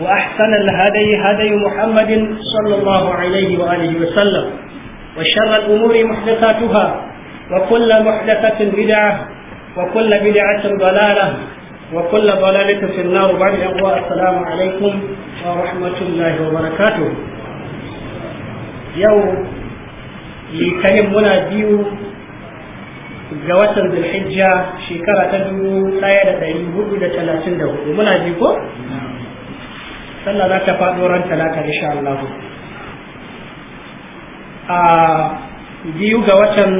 وأحسن الهدي هدي محمد صلى الله عليه وآله وسلم وشر الأمور محدثاتها وكل محدثة بدعة وكل بدعة ضلالة وكل ضلالة في النار بعد السلام عليكم ورحمة الله وبركاته يوم لكلم منا ديو ga watan zulhijja shekara ta dubu ɗaya da ɗari hudu da talatin da hudu muna ji ko sallah za ta faɗo ran talata insha Allah a biyu ga watan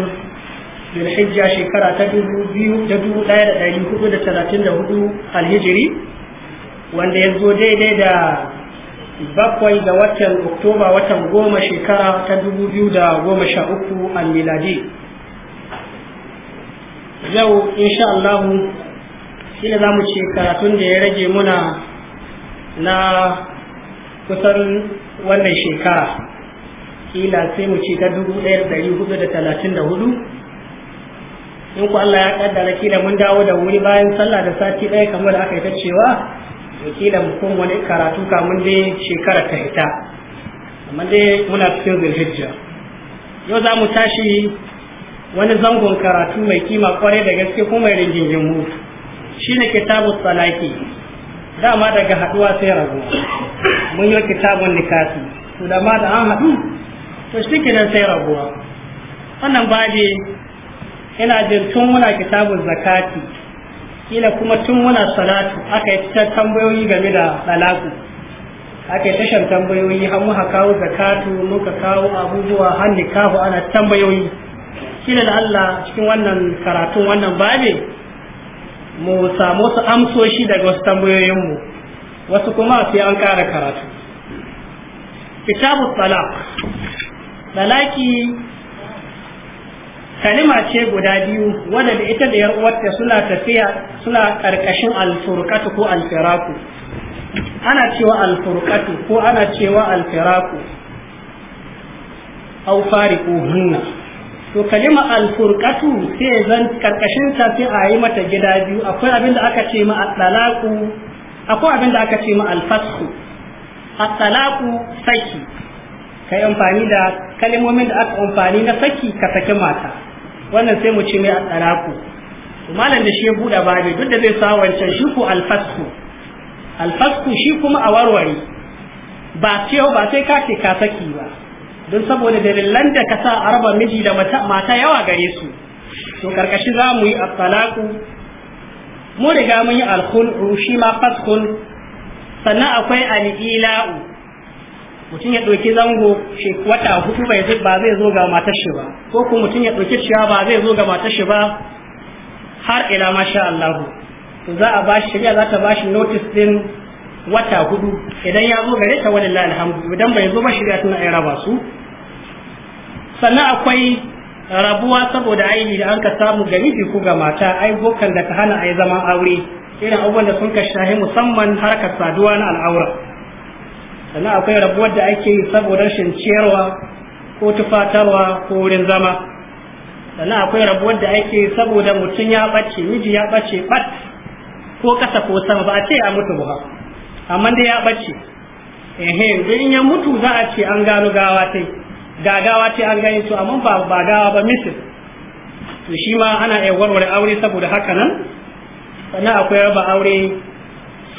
Zulhijja shekara ta dubu biyu da dubu ɗaya da ɗari hudu da talatin da hudu alhijiri wanda ya zo daidai da bakwai ga watan Oktoba watan goma shekara ta dubu biyu da goma sha uku almiladi. Yau insha Allah shi ne za mu ce karatun da ya rage muna na kusan wannan shekara kila sai mu ce ta dubu ɗaya da ɗari hudu da talatin da hudu in ku Allah ya kaddara kila mun dawo da wuri bayan sallah da sati ɗaya kamar da aka yi ta cewa kila mu kuma wani karatu kamun dai shekara ta ita amma dai muna cikin zulhijja yau za mu tashi wani zangon karatu mai kima kwarai da gaske kuma mai rinjin mu ne kitabu salaki dama daga haduwa sai rabuwa mun yi kitabun nikasi to da ma da an haɗu to shi kenan sai rabuwa wannan babi ina jin tun muna kitabun zakati kila kuma tun muna salatu aka yi ta tambayoyi game da talaku aka yi tashar tambayoyi har muka kawo zakatu muka kawo abubuwa har nikahu ana tambayoyi kila da Allah cikin wannan karatun wannan babi mu samu wasu amsoshi daga wasu tambayoyinmu wasu kuma sai an ƙara karatu kitabu talaq talaki kalima ce guda biyu wadda ita da yar uwarta suna tafiya suna ƙarƙashin alfurqatu ko alfiraku ana cewa alfurkatu ko ana cewa alfiraku ko hunna to kalima al-furqatu sai zan karkashin ta sai a yi mata gida biyu akwai abin da aka ce ma at-talaqu akwai abin da aka ce ma al-fasxu at-talaqu saki kai amfani da kalimomin da aka amfani na saki ka saki mata wannan sai mu ce mai at-talaqu to malam da shi ya bude babu duk da zai sa wancan shi ko al-fasxu al-fasxu shi kuma a warware ba ce ba sai ka ce ka saki ba don saboda dalilan da ka sa a raba miji da mata yawa gare su to karkashi za mu yi a talaqu mu riga mun yi al rushi shi ma faskun sannan akwai al-ila'u mutum ya ɗauki zango wata hudu bai ba zai zo ga matar shi ba ko kuma mutum ya ɗauki ciya ba zai zo ga matar shi ba har ila masha Allah to za a bashi shari'a za ta bashi notice din wata hudu idan ya zo gare ta wani alhamdu idan bai zo ba shari'a tana iya raba su sannan akwai rabuwa saboda aini da an ka samu ga miji ko ga mata aibokan da ka hana a yi zaman aure irin abubuwan da sun ka shahi musamman harkar saduwa na al'aura sannan akwai rabuwar da ake yi saboda rashin ciyarwa ko tufatarwa ko wurin zama sannan akwai rabuwar da ake yi saboda mutum ya ɓace miji ya ɓace ɓat ko ƙasa ko sama ba a ce a mutu ba amma dai ya ɓace ehe don in ya mutu za a ce an gano gawa sai gagawa ce an gani su amma ba ba gawa ba misis to shi ma ana iya warware aure saboda haka nan sannan akwai raba aure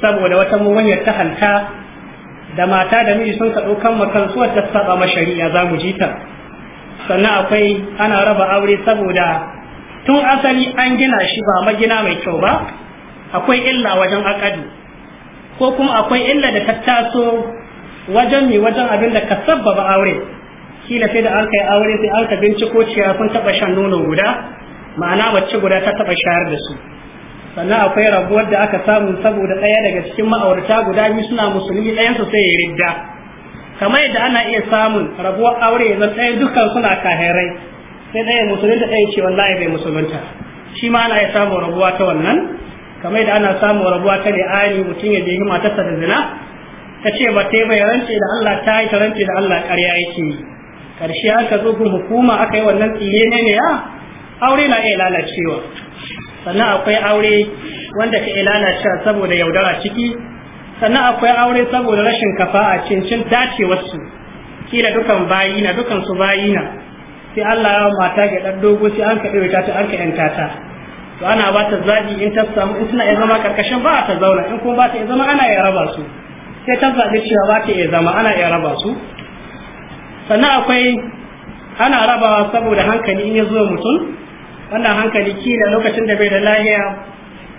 saboda wata mummuyar ta halta da mata da miji sun kaɗo kan makan su wata saba ma shari'a za mu ji ta sannan akwai ana raba aure saboda tun asali an gina shi ba magina mai kyau ba akwai illa wajen akadi, ko kuma akwai illa da ta taso wajen mai wajen abin da ka sabbaba aure kila sai da an kai aure sai an ka binciko cewa kun taɓa shan nono guda ma'ana wacce guda ta taba shayar da su sannan akwai rabuwar da aka samu saboda ɗaya daga cikin ma'aurata guda biyu suna musulmi su sai ya ridda kamar yadda ana iya samun rabuwar aure ya zan ɗaya dukkan suna kahirai sai ɗaya da ɗaya ce wallahi bai musulunta shi ma ana iya samun rabuwa ta wannan kamar yadda ana samun rabuwa ta li'ani mutum ya je matarsa da zina ta ce ba ta yi bai rance da Allah ta yi ta da Allah ƙarya yake yi karshe aka zo hukuma aka yi wannan tsiye ne ne ya ah, aure na iya lalacewa sannan akwai aure wanda ka iya lalacewa saboda yaudara ciki sannan akwai aure saboda rashin kafa a cincin dacewarsu kila dukan bayi na dukan su bayi na sai Allah ya mata ga dan dogo sai an kaɗe ta ta an ka yanta ta to ana ba ta zabi in ta samu in tana iya zama karkashin ba ta zauna in kuma ba ta iya zama ana iya raba su sai ta zaɓi cewa ba ta iya zama ana iya raba su sannan akwai ana rabawa saboda hankali in ya zo mutum wannan hankali kila lokacin da bai da lahiya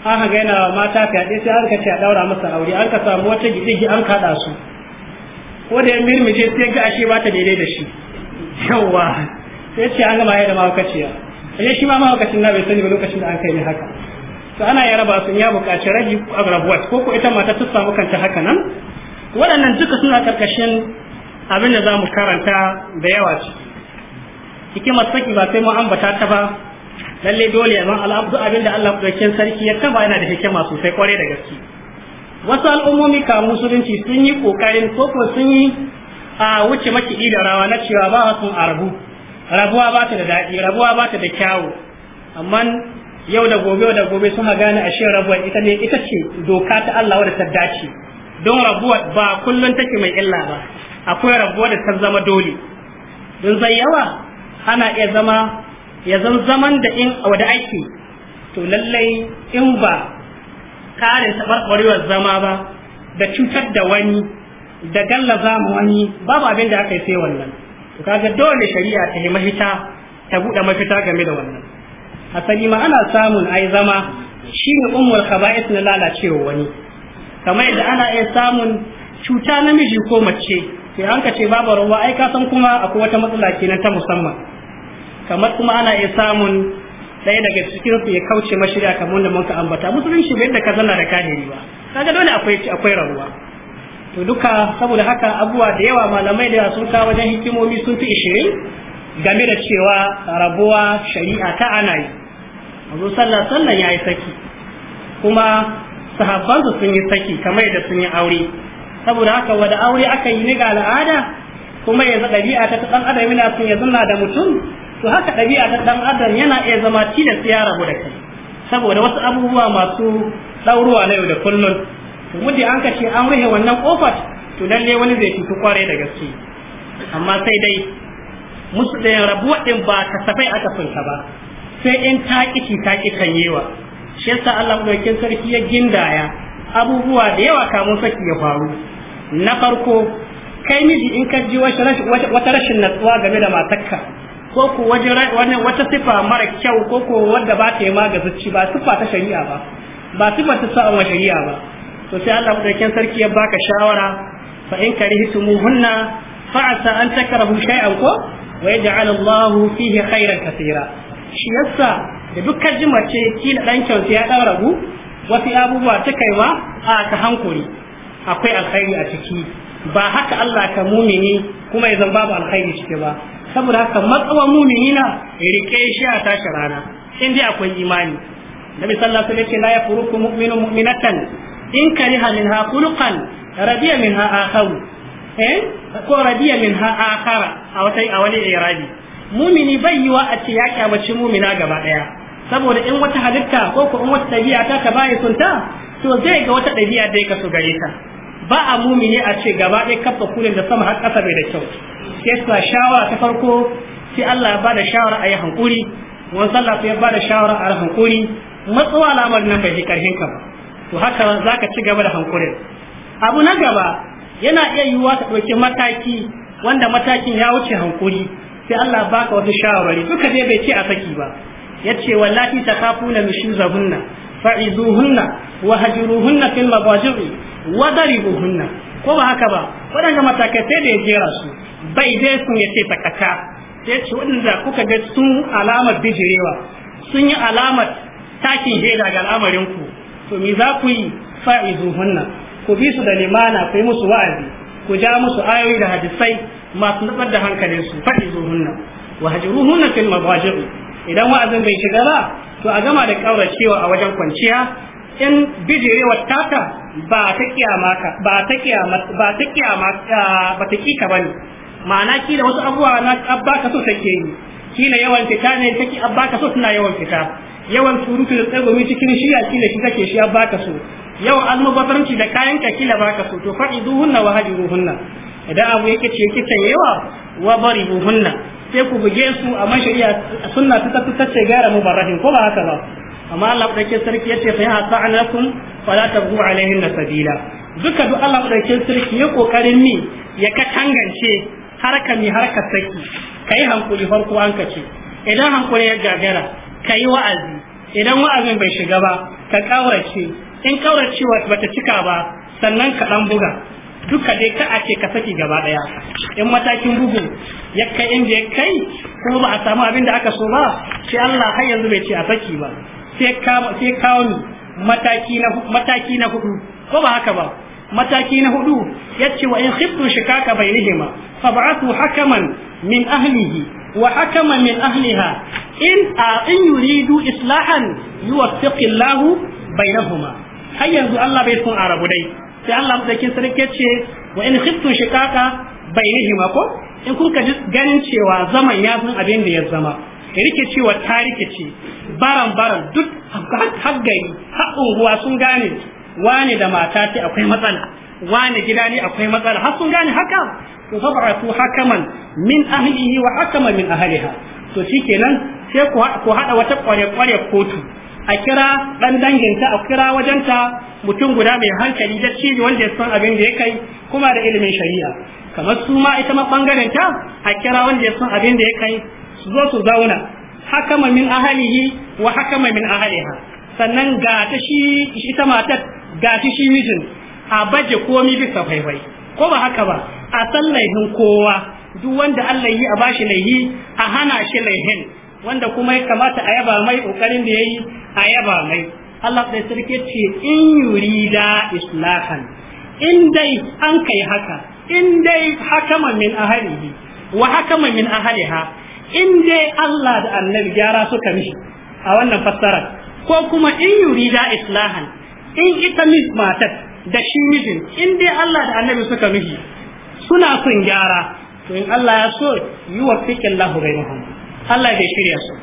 an haga yana mata fyaɗe sai an ka a ɗaura masa aure an ka samu wata gidigi an kaɗa su ko da ya mirmice sai ga ashe ba ta daidai da shi yawwa sai ce an gama da mahaukaciya sai shi ma mahaukacin na bai sani ba lokacin da an kai ne haka to ana ya raba sun ya buƙaci ragi a rabuwa ko ko ita mata ta samu kanta haka nan waɗannan duka suna karkashin abin da za mu karanta da yawa ciki hikimar saki ba sai mu ambata ta ba lalle dole amma al'abdu abin da Allah ɗaukin sarki ya taba yana da hikima sosai kwarai da gaske wasu al'ummomi ka musulunci sun yi ƙoƙarin ko sun yi a wuce makiɗi da rawa na cewa ba sun arabu rabuwa ba ta da daɗi rabuwa ba ta da kyawu amma yau da gobe yau da gobe suna gane shi rabuwa ita ne ita ce doka ta Allah wadda ta dace don rabuwa ba kullum take mai illa ba akwai rabuwa da ta zama dole don zai yawa ana iya zama ya zan zaman da in a wada aiki to lallai in ba karin taɓarɓarewar zama ba da cutar da wani da gallaza mu wani babu abin da aka yi sai wannan to kaga dole shari'a ta yi mahita ta buɗe mafita game da wannan asali ma ana samun ai zama shine ummul khaba'is na lalacewa wani kamar yadda ana iya samun cuta namiji ko mace sai an ka ce babu ruwa ai ka san kuma akwai wata matsala kenan ta musamman kamar kuma ana iya samun ɗaya daga cikin su ya kauce mashirya kamar mun muka ambata musulunci bai da ka zanna da kahiri ba kaga dole akwai akwai rabuwa to duka saboda haka abubuwa da yawa malamai da sun kawo wajen hikimomi sun fi ishirin game da cewa rabuwa shari'a ta ana yi azu sallah sallan ya yi saki kuma sahabbansu sun yi saki kamar da sun yi aure saboda haka wada aure aka yi ni ga al'ada kuma yanzu ɗabi'a ta ɗan adam yana son ya zanna da mutum to haka ɗabi'a ta ɗan adam yana iya zama tilas ya rabu da kai saboda wasu abubuwa masu ɗauruwa na yau da kullum to muddin an kace an rufe wannan kofar to lalle wani zai cutu kwarai da gaske amma sai dai musu da rabuwa ɗin ba kasafai aka funta ba sai in ta kici kan kitan shi yasa Allah madaukakin sarki ya gindaya abubuwa da yawa kamun saki ya faru na farko kai miji in ka ji wata rashin natsuwa game da matakka ko ko wani wata sifa mara kyau ko ko wanda ba ta yi ma ga zuci ba sifa ta shari'a ba ba sifa ta sa'a wa shari'a ba to sai Allah madaukakin sarki ya baka shawara fa in karihtumuhunna fa'asa an takrahu shay'an ko wa yaj'al Allahu fihi khairan shi yasa da dukkan jimace kila dan kyauta ya dan ragu wasu abubuwa ta ma a ta hankuri akwai alkhairi a ciki ba haka Allah ka mumini kuma ya zama babu alkhairi ciki ba saboda haka matsawa mumini na rike shi a tashi rana in dai akwai imani nabi sallallahu alaihi wasallam la yafuruku mu'minu mu'minatan in kariha minha khuluqan radiya minha akhaw eh ko radiya minha akara a wata a wani irabi mumini bai wa a ce ya kyamaci mumina gaba daya saboda in wata halitta ko ko in wata dabi'a ta ta baya sunta to zai ga wata ɗabi'a da yake so gare ta ba a mumini a ce gaba ɗaya kafa kulin da sama har ƙasa bai da kyau sai sa shawara ta farko sai Allah ya ba da shawara a yi hankuri wani sallah ya ba da shawara a hankuri matsuwa al'amarin nan bai fi ƙarfin ka ba to haka za ka ci gaba da hankurin abu na gaba yana iya yiwuwa ka ɗauki mataki wanda matakin ya wuce hankuri sai Allah baka wasu shawarwari duka dai bai ce a saki ba yace wallati takafuna nushuzahunna fa'izuhunna wa hajuruhunna fil mabaji'i wa daribuhunna ko ba haka ba waɗanda matakai sai da ya jera su bai dai sun yace takaka sai ce waɗanda kuka ga sun alamar bijirewa sun yi alamar takin jeda ga al'amarin ku to me za ku yi fa'izuhunna ku bi su da limana ku yi musu wa'azi ku ja musu ayoyi da hadisai masu nutsar da hankalinsu fa'izuhunna wa hajuruhunna fil mabaji'i idan wa'azin bai shiga ba to a gama da cewa a wajen kwanciya in bijirewa taka ba ta kiyama ka ba ta kiyama ba ta kiyama ba ta kika bane ma'ana ki da wasu abubuwa na abba ka so take yi na yawan fita ne take abba ka so suna yawan fita yawan surutu da tsagumi cikin shiya kila shi take shi abba ka so yawan almubazarci da kayan ka kila ba ka so to fa'iduhunna wa hajiruhunna idan abu yake ce kitan yawa wa baribuhunna sai ku buge su a man shari'a sunna ta tafi tace gaira barahin ko ba haka ba amma Allah madaukin sarki yace fa ya fa la tabu alaihinna sabila duka duk Allah madaukin sarki ya kokarin mi ya ka tangance harka mi harka saki kai hankuri farko an kace idan hankuri ya gagara kai wa'azi idan wa'azin bai shiga ba ka kaurace in ƙauracewa bata cika ba sannan ka dan buga duka dai ka a ce ka saki gaba daya in matakin bugu ya kai inda ya kai kuma ba a samu abin da aka so ba sai Allah har yanzu bai ce a saki ba sai kawo ni mataki na hudu ko ba haka ba mataki na hudu yace wa in khiftu shikaka bainihima fab'athu hakaman min ahlihi wa hakaman min ahliha in a in yuridu islahan yuwaffiqillahu bainahuma har yanzu Allah bai sun arabu dai sai Allah madaukin sarki ce wa in khiftu shikaka bainihima ko in kun ji ganin cewa zaman ya san abin da ya zama Rike cewa ta rike rikice baran baran duk haggari har unguwa sun gane Wani da mata ce akwai matsala Wani gida ne akwai matsala har sun gane haka to fabratu hakaman min ahlihi wa hakaman min ahliha to shikenan sai ku hada wata kware kware kotu a kira dan danginta a kira wajenta mutum guda mai hankali da cibi wanda ya san abin da ya kai kuma da ilimin shari'a kamar su ma ita ma bangaren ta a kira wanda ya san abin da ya kai su zo su zauna hakama min ahalihi wa hakama min ahaliha sannan ga ta shi ita matar ga ta shi mijin a baje komi bisa faifai ko ba haka ba a san laifin kowa duk wanda Allah yi a bashi laihi a hana shi laihin wanda kuma ya kamata a yaba mai kokarin da yayi a yaba mai Allah da sarki ce in yurida islahan in dai an kai haka in dai hakaman min ahlihi wa hakaman min ahliha in dai Allah da annabi gyara suka mishi a wannan fassara ko kuma in yurida islahan in ita matar da shi mijin in dai Allah da annabi suka mishi suna son gyara to in Allah ya so yi wa fikin lahu bainahum Allah bai shirya su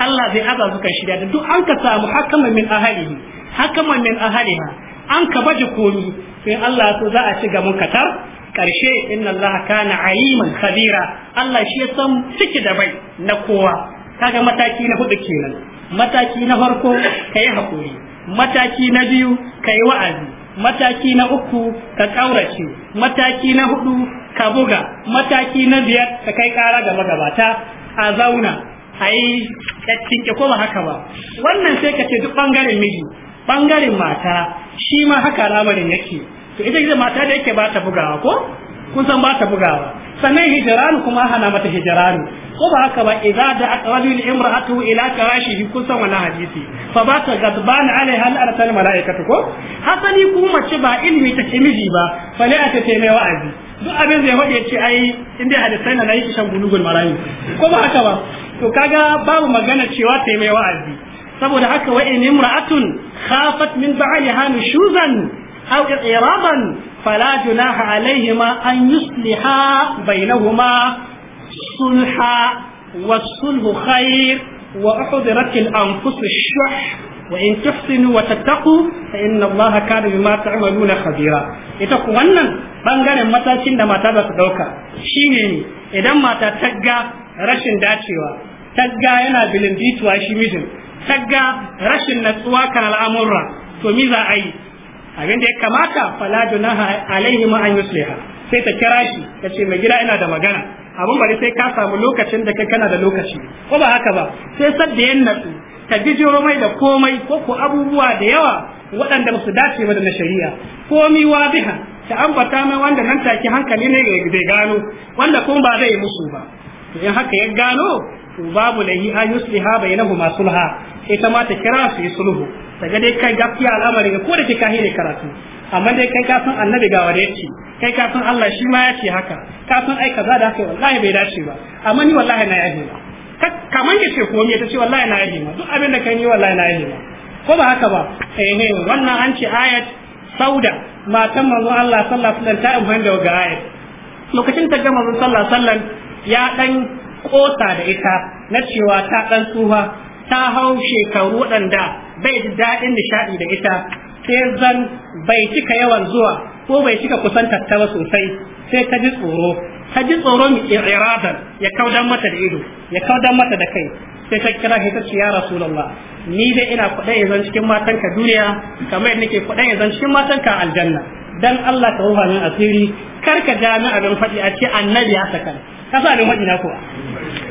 Allah zai aza kan shirya da duk an ka samu hakaman min ahalihi hakaman min ahaliha an ka baje komi sai Allah so za a ci gaban katar karshe inna Allah kana aliman khabira Allah shi ya san ciki da bai na kowa kaga mataki na hudu kenan mataki na farko kai hakuri mataki na biyu kai wa'azi mataki na uku ka kaurace mataki na hudu ka buga mataki na biyar ka kai kara ga magabata a zauna a yi ke ko ba haka ba wannan sai ka ce duk bangaren miji bangaren mata shi ma haka lamarin yake to ita ita mata da yake ba ta bugawa ko kun san ba ta bugawa sannan hijiranu kuma hana mata hijiranu ko ba haka ba idza da aqrajul imra'atu ila karashi kun kusan wala hadisi fa ba ta gadban alaiha al-arsal malaikatu ko hasani ku mace ba ilmi ta ke miji ba fa la ta mai wa'azi duk abin zai ya ce ai inda hadisan na yake shan gulugul marayu ko ba haka ba to kaga babu magana cewa ta mai wa'azi saboda haka wa in imra'atun khafat min ba'liha nushuzan aw iraban fala junaha alaihima an yusliha bainahuma sulha والصلح خير Wa in الشح وإن تحسنوا وتتقوا فإن الله كان بما تعملون خبيرا ita ku wannan bangaren matakin da mata za su dauka shine idan mata ta ga rashin dacewa tagga yana bilindituwa shi mijin tagga rashin natsuwa kan al'amurra to mi za a yi abin da ya kamata fala na alaihi ma an yusliha sai ta kira shi ta ce mai gida ina da magana abun bari sai ka samu lokacin da kai kana da lokaci ko ba haka ba sai sadda yan natsu ka bijiro mai da komai ko ko abubuwa da yawa waɗanda ba su dace ba da na shari'a komi biha ta ambata mai wanda nan take hankali ne ga gano wanda kuma ba zai musu ba to in haka ya gano babu lahi an yusliha bainahuma sulha ita ma ta kira su yi sulhu daga dai kai gaskiya al'amari ga ko da ke ne karatu amma dai kai ka san annabi ga wanda yace kai ka san Allah shi ma ce haka ka san ai kaza da haka wallahi bai dace ba amma ni wallahi na yaje ba kaman ya ce komai ta ce wallahi na yaje ba duk abin da kai ni wallahi na yaje ba ko ba haka ba eh eh wannan an ce ayat sauda matan manzo Allah sallallahu alaihi wasallam ta amfani da ga ayat lokacin ta ga manzo sallallahu alaihi wasallam ya dan kosa da ita na cewa ta ɗan tsufa ta hau shekaru waɗanda bai ji daɗin nishaɗi da ita sai zan bai cika yawan zuwa ko bai cika kusantar ta ba sosai sai ta ji tsoro ta ji tsoro mai iradar ya kaudan mata da ido ya kaudan mata da kai sai ta kira shi ta ce ya rasulullah ni dai ina kuɗa zan cikin ka duniya kamar yadda nake kuɗa zan cikin matan ka aljanna dan Allah ka ruha min asiri kar ka ja ni abin faɗi a ce annabi ya saka ka sa ni madina kuwa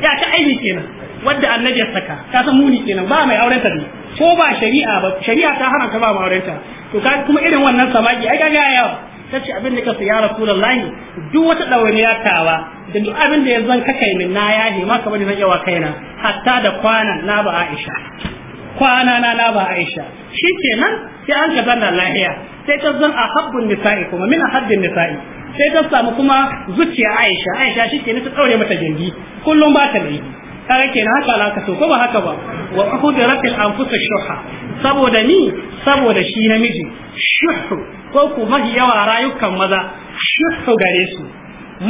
ya ka aini kenan wadda annabi ya saka ka san muni kenan ba mai aurenta ne ko ba shari'a ba shari'a ta haramta ba mai aurenta? to ka kuma irin wannan samaki ai kaga yawa tace abin da ka fi ya rasulullahi duk wata dawainiya tawa da duk abin da ya zan kakai min na yahi ma kamar da zan yawa kaina hatta da kwanan na ba Aisha kwana na na ba Aisha shikenan sai an ka zanna lahiya sai ta zan a habbun nisa'i kuma min habbin nisa'i sai ta samu kuma zuciya Aisha Aisha shikenan ta daure mata gindi kullum ba ta laifi kaga kenan haka la so ko ba haka ba wa ukhdirat al anfus shuha saboda ni saboda shi namiji shuhu ko ku yawa rayukan maza shuhu gare su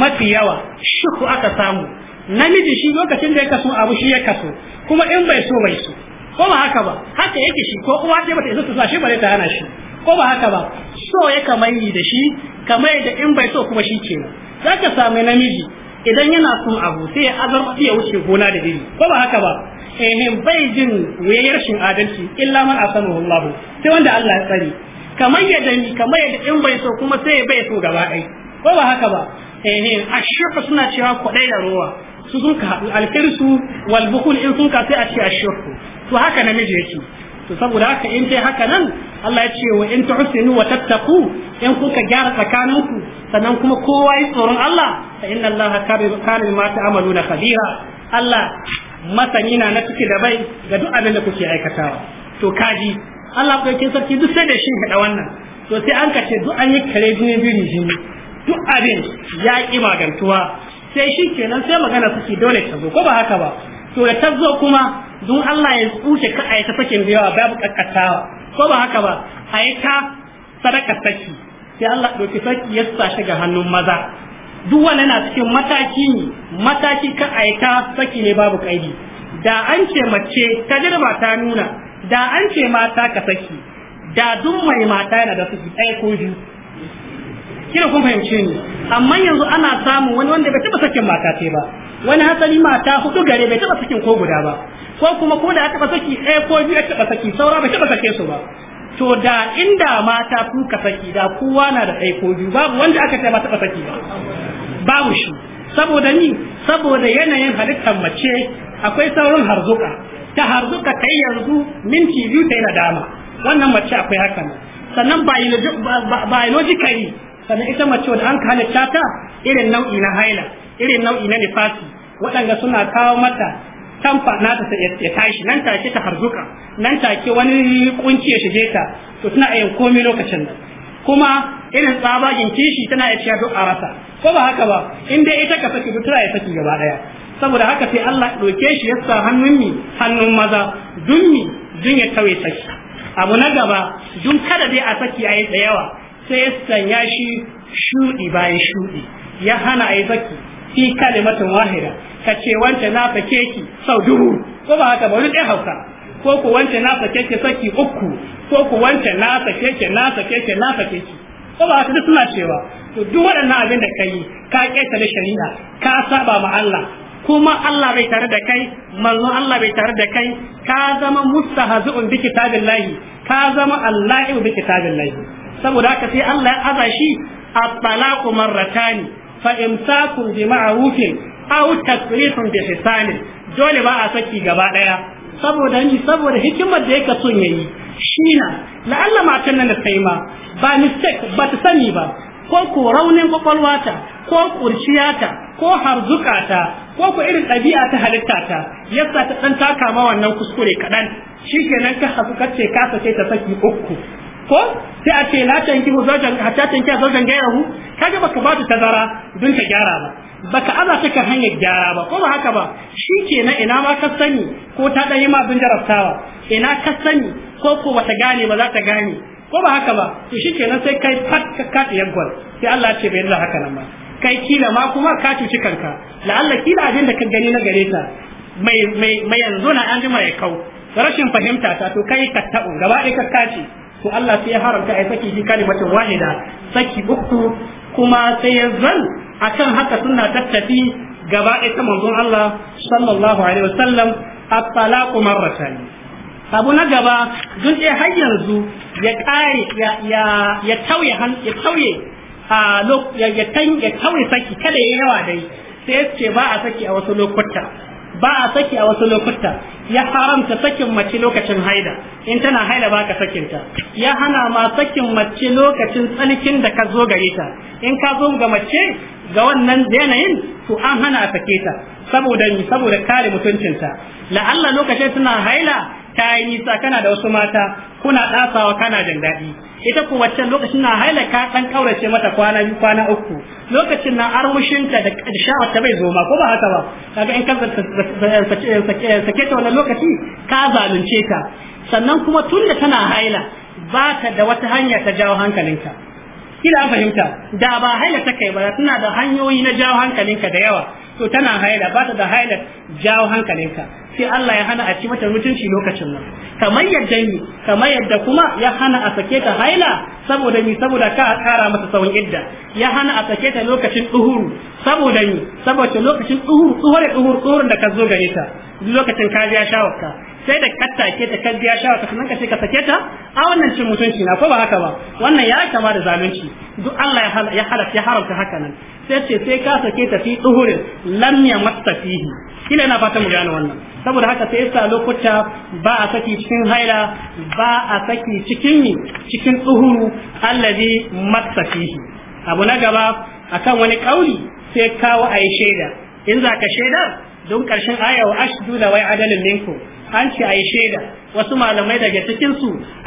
mafi yawa shuhu aka samu namiji shi lokacin da ya kaso abu shi ya kaso kuma in bai so bai so ko ba haka ba haka yake shi ko uwa ce bata isa ta sa shi bare ta hana shi ko ba haka ba so ya yi da shi kamar da in bai so kuma shi ke. Za ka samu namiji idan yana son abu sai ya azar ya wuce gona da dini ko ba haka ba ehin bai jin wayar shin adalci illa man asanu wallahu sai wanda Allah ya tsare kamar yadda ni kamar yadda in bai so kuma sai bai so gaba ɗaya ko ba haka ba ehin ashirka suna cewa kwadai da ruwa su sun ka haɗu alkirsu walbukul in sun ka sai a ce ashirku to haka namiji yake to saboda haka in dai haka nan Allah ya ce wa in tuhsinu wa tattaqu in kuka gyara tsakaninku sannan kuma kowa yi tsoron Allah fa inna Allah kana amalu na khabira Allah masani na na ciki da bai ga duk abin da kuke aikatawa to kaji Allah ko yake sarki duk sai da shi hada wannan to sai an kace duk an yi kare biyu biri jini duk abin ya ki magantuwa sai shi kenan sai magana kuke dole ta zo ko ba haka ba to da ta zo kuma don Allah ya kushe ka a yi ta sakin da ba babu kakkatawa ko ba haka ba a yi ta sadaka saki sai Allah ɗauki saki ya sa shi ga hannun maza duk wani na cikin mataki ne mataki ka a yi saki ne babu kaidi da an ce mace ta jirma ta nuna da an ce mata ka saki da duk mai mata yana da saki ɗaya ko biyu kina kun fahimce ni amma yanzu ana samun wani wanda bai taɓa sakin mata ce ba wani hasali mata hudu gare bai taɓa sakin ko guda ba ko kuma ko da ya taba saki ɗaya eh, ko biyu ya taba saki saura ba taba sake su ba to da inda mata ku ka saki da kowa na da ɗaya ko biyu babu wanda aka taba taba saki ba babu shi saboda ni saboda yanayin halittar mace akwai saurin harzuka ta harzuka kai yanzu minti biyu ta yi dama wannan mace akwai haka ne sannan biologically sannan ita mace wadda an halitta ta irin nau'i na haila irin nau'i na nifasi waɗanda suna kawo mata tamfa nata ya tashi nan take ta harzuka nan take wani kunci ya shige ta to tana yin komai lokacin nan kuma irin tsabagin kishi tana ya shiga duk a rasa ko ba haka ba in dai ita ka saki duk ya saki gaba daya saboda haka sai Allah doke shi ya sa hannun mi hannun maza dun mi dun ya tauye saki abu na gaba dun kada dai a saki ayi da yawa sai ya sanya shi shudi bayan shudi ya hana ayi saki fi matan wahida ka ce wance na fake ki sau duhu. ko ba haka ba wani ɗaya hausa ko ku wance na fake ki saki uku ko ku wance na fake ki na fake ki na fake ki ko ba haka duk suna cewa to duk waɗannan abin da ka yi ka ƙetare shari'a ka saba ma Allah kuma Allah bai tare da kai manzon Allah bai tare da kai ka zama mustahzi'un bi kitabillahi ka zama allahi bi kitabillahi saboda haka sai Allah ya aza shi at-talaqu Fahimta fa imsakun bi ma'rufin aw takrifun bi hisani dole ba a saki gaba daya saboda ni saboda hikimar da yake son yayi shina la'alla matan nan da sai ma ba mistake ba ta sani ba ko ko raunin kwakwalwata ko kurciyata ko harzukata ko ko irin ɗabi'a ta halitta ta yasa ta ɗan taka ma wannan kuskure kaɗan shikenan ka hasu kace ce ka sake ta saki uku ko sai a ce la tanki hu zaujan hatta tanki zaujan gairahu kaga baka ba ta tazara don ta gyara ba baka aza ta kan hanyar gyara ba ko ba haka ba shi ke na ina ma ka sani ko ta ɗan yi ma abin jarabtawa ina ka sani ko ko ba ta gane ba za ta gane ko ba haka ba to shi ke sai kai fat ka kaɗa yaggwal sai Allah ce bai yadda haka nan ba kai kila ma kuma ka cuci kanka la'alla kila abin da ka gani na gare ta mai yanzu na an jima ya kau rashin fahimta ta to kai ka taɓo gaba ɗaya ka kaci Ko Allah sai ya haramta ai saki shi kalimatin wahida saki uku kuma sai ya zan akan haka suna tattafi gaba ita manzon Allah sallallahu alaihi wasallam at kuma marratan abu na gaba duk dai har yanzu ya kare ya ya ya tauye han ya tauye a lok ya ya tan ya tauye saki kada yayi yawa dai sai ce ba a saki a wasu lokuta ba a saki a wasu lokuta ya haramta sakin mace lokacin haida in tana haila baka sakin ta ya hana ma sakin mace lokacin tsalikin da ka zo gare ta in ka zo ga mace ga wannan yanayin to an hana a sake ta saboda ni saboda kare mutuncinta la'alla lokacin tana haila ta yi nisa kana da wasu mata kuna ɗasawa kana jin daɗi ita ku wacce lokacin na haila ka ɗan ƙaurace mata kwana biyu kwana uku lokacin na armushinta da shawar ta bai zo ma ko ba haka ba kaga in ka sake ta wannan lokaci ka zalunce ta sannan kuma tun da tana haila ba ta da wata hanya ta jawo hankalinka kila fahimta da ba haila ta kai ba tana da hanyoyi na jawo hankalinka da yawa to tana haila ba ta da haila jawo hankalinka sai Allah ya hana a ci mata mutunci lokacin nan kamar yadda ni kamar yadda kuma ya hana a sake ta haila saboda ni saboda ka kara mata tsawon idda ya hana a sake ta lokacin duhuru saboda ni saboda lokacin duhuru tsuhar duhuru da ka zo gare ta lokacin ka ji ya shawarka sai da kattake ta kan biya shawa sannan ka ce ka sake ta a wannan cin mutunci na ko ba haka ba wannan ya kama da zalunci duk Allah ya halaf ya haramta haka nan sai ce sai ka sake ta fi duhurin lam ya matta fihi na fata mu gane wannan saboda haka sai yasa lokuta ba a saki cikin haila ba a saki cikin ni cikin duhuru allazi matta fihi abu na gaba akan wani kauli sai kawo ayi shaida in za ka shaida? don karshen aya wa ashdu da wai adalin minku an ce ayi shaida wasu malamai daga cikin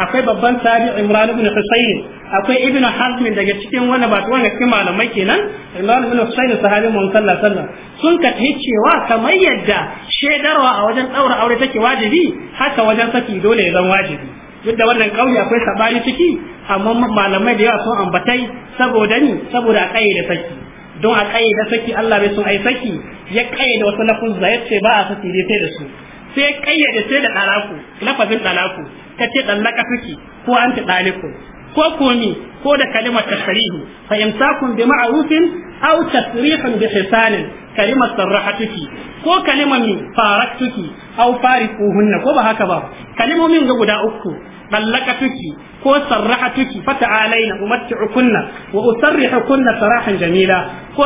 akwai babban tabi Imran ibn Husayn akwai Ibn Hazm daga cikin wani ba wani cikin malamai kenan Imran ibn Husayn sahabi mun sallallahu alaihi sun ka cewa kamar yadda shaidarwa a wajen daura aure take wajibi haka wajen saki dole ya zama wajibi duk da wannan kauye akwai sabani ciki amma malamai da yawa sun ambatai saboda ni saboda kai da saki don a kai saki Allah bai son ai saki ya kai wasu lafuzza ya ce ba a saki dai sai da su sai kayyade sai da talaku lafazin talaku ce dallaka saki ko an ta daliku ko komi ko da kalimar tasrihu fa imsakun bi ma'rufin aw tasrihun bi hisanin kalimar sarrahatuki ko kalimar faraktuki aw farikuhunna ko ba haka ba kalimomin ga guda uku tuki ko sarrahatuki fata'alaina umatti'ukunna wa usarrihukunna sarahan jamila ko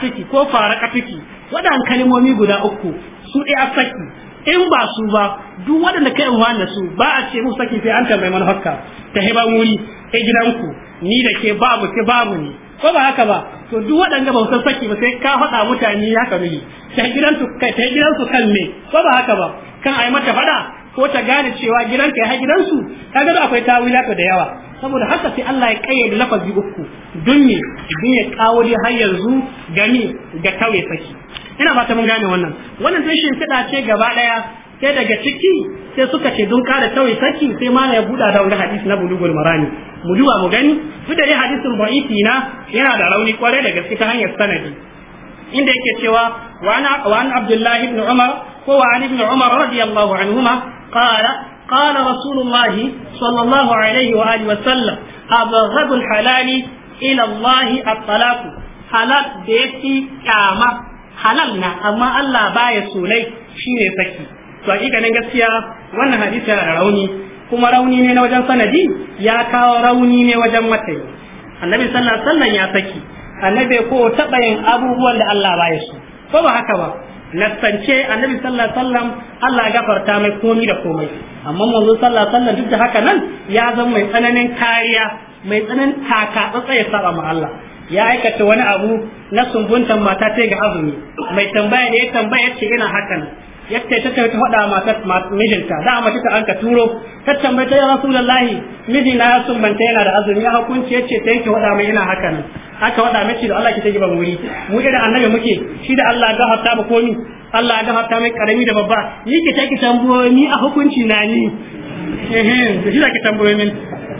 tuki ko farakatuki wadan kalmomi guda uku su dai asaki in ba su ba duk waɗanda kai in da su ba a ce mu saki sai an tambayi mana hakka ta heban wuri ta gidanku ni da ke babu ke babu ni ko ba haka ba to duk waɗanda ba san saki ba sai ka faɗa mutane ya ka ta gidansu kai ta gidansu kan me ko ba haka ba kan ai mata faɗa ko ta gane cewa gidanka ya gidansu ga da akwai tawila da yawa saboda haka sai Allah ya kayyade lafazi uku don dunya don kawo dai har yanzu gani ga kauye saki ina ba ta mun gane wannan wannan sai shin fiɗa ce gaba daya sai daga ciki sai suka ce don kada tauye saki sai mala ya buɗa da wani hadisi na bulugul marani mu duba mu gani duk dai hadisin ba'ifi na yana da rauni kwarai da gaske ta hanyar sanadi inda yake cewa wa an abdullahi ibn umar ko wa an ibn umar radiyallahu anhuma قال قال رسول الله صلى الله عليه وآله وسلم أبغض الحلال إلى الله الطلاق حلال بيتي كاما حلالنا أما الله باي سولي شيني سكي فإذا نجسيا وانا حديث rauni kuma rauni ne na wajen sanadi ya kawo rauni ne wajen matsayi annabi sallallahu alaihi ya saki annabi ko taɓa yin abubuwan da Allah baya su ko ba haka ba nassance annabi sallallahu alaihi wasallam Allah ya gafarta mai komai da komai amma manzo sallallahu alaihi wasallam duk da haka nan ya zama mai tsananin kariya mai tsananin taka tsaye saba ma Allah ya aikata wani abu na sumbuntan mata ta ga azumi mai tambaya ne ya tambaya ce ina hakan yadda ta ta faɗa matar mijinta da mace ta an ka turo ta tambaye ya rasulullahi miji na ya sumbanta yana da azumi ya hukunci yace ta yake faɗa mai yana haka nan aka faɗa ce da Allah ki ta giban wuri mu da annabi muke shi da Allah ga hatta ba komi Allah ga hatta mai karami da babba ni ki ta ki tambayo ni a hukunci na ni eh eh shi da ki tambayo min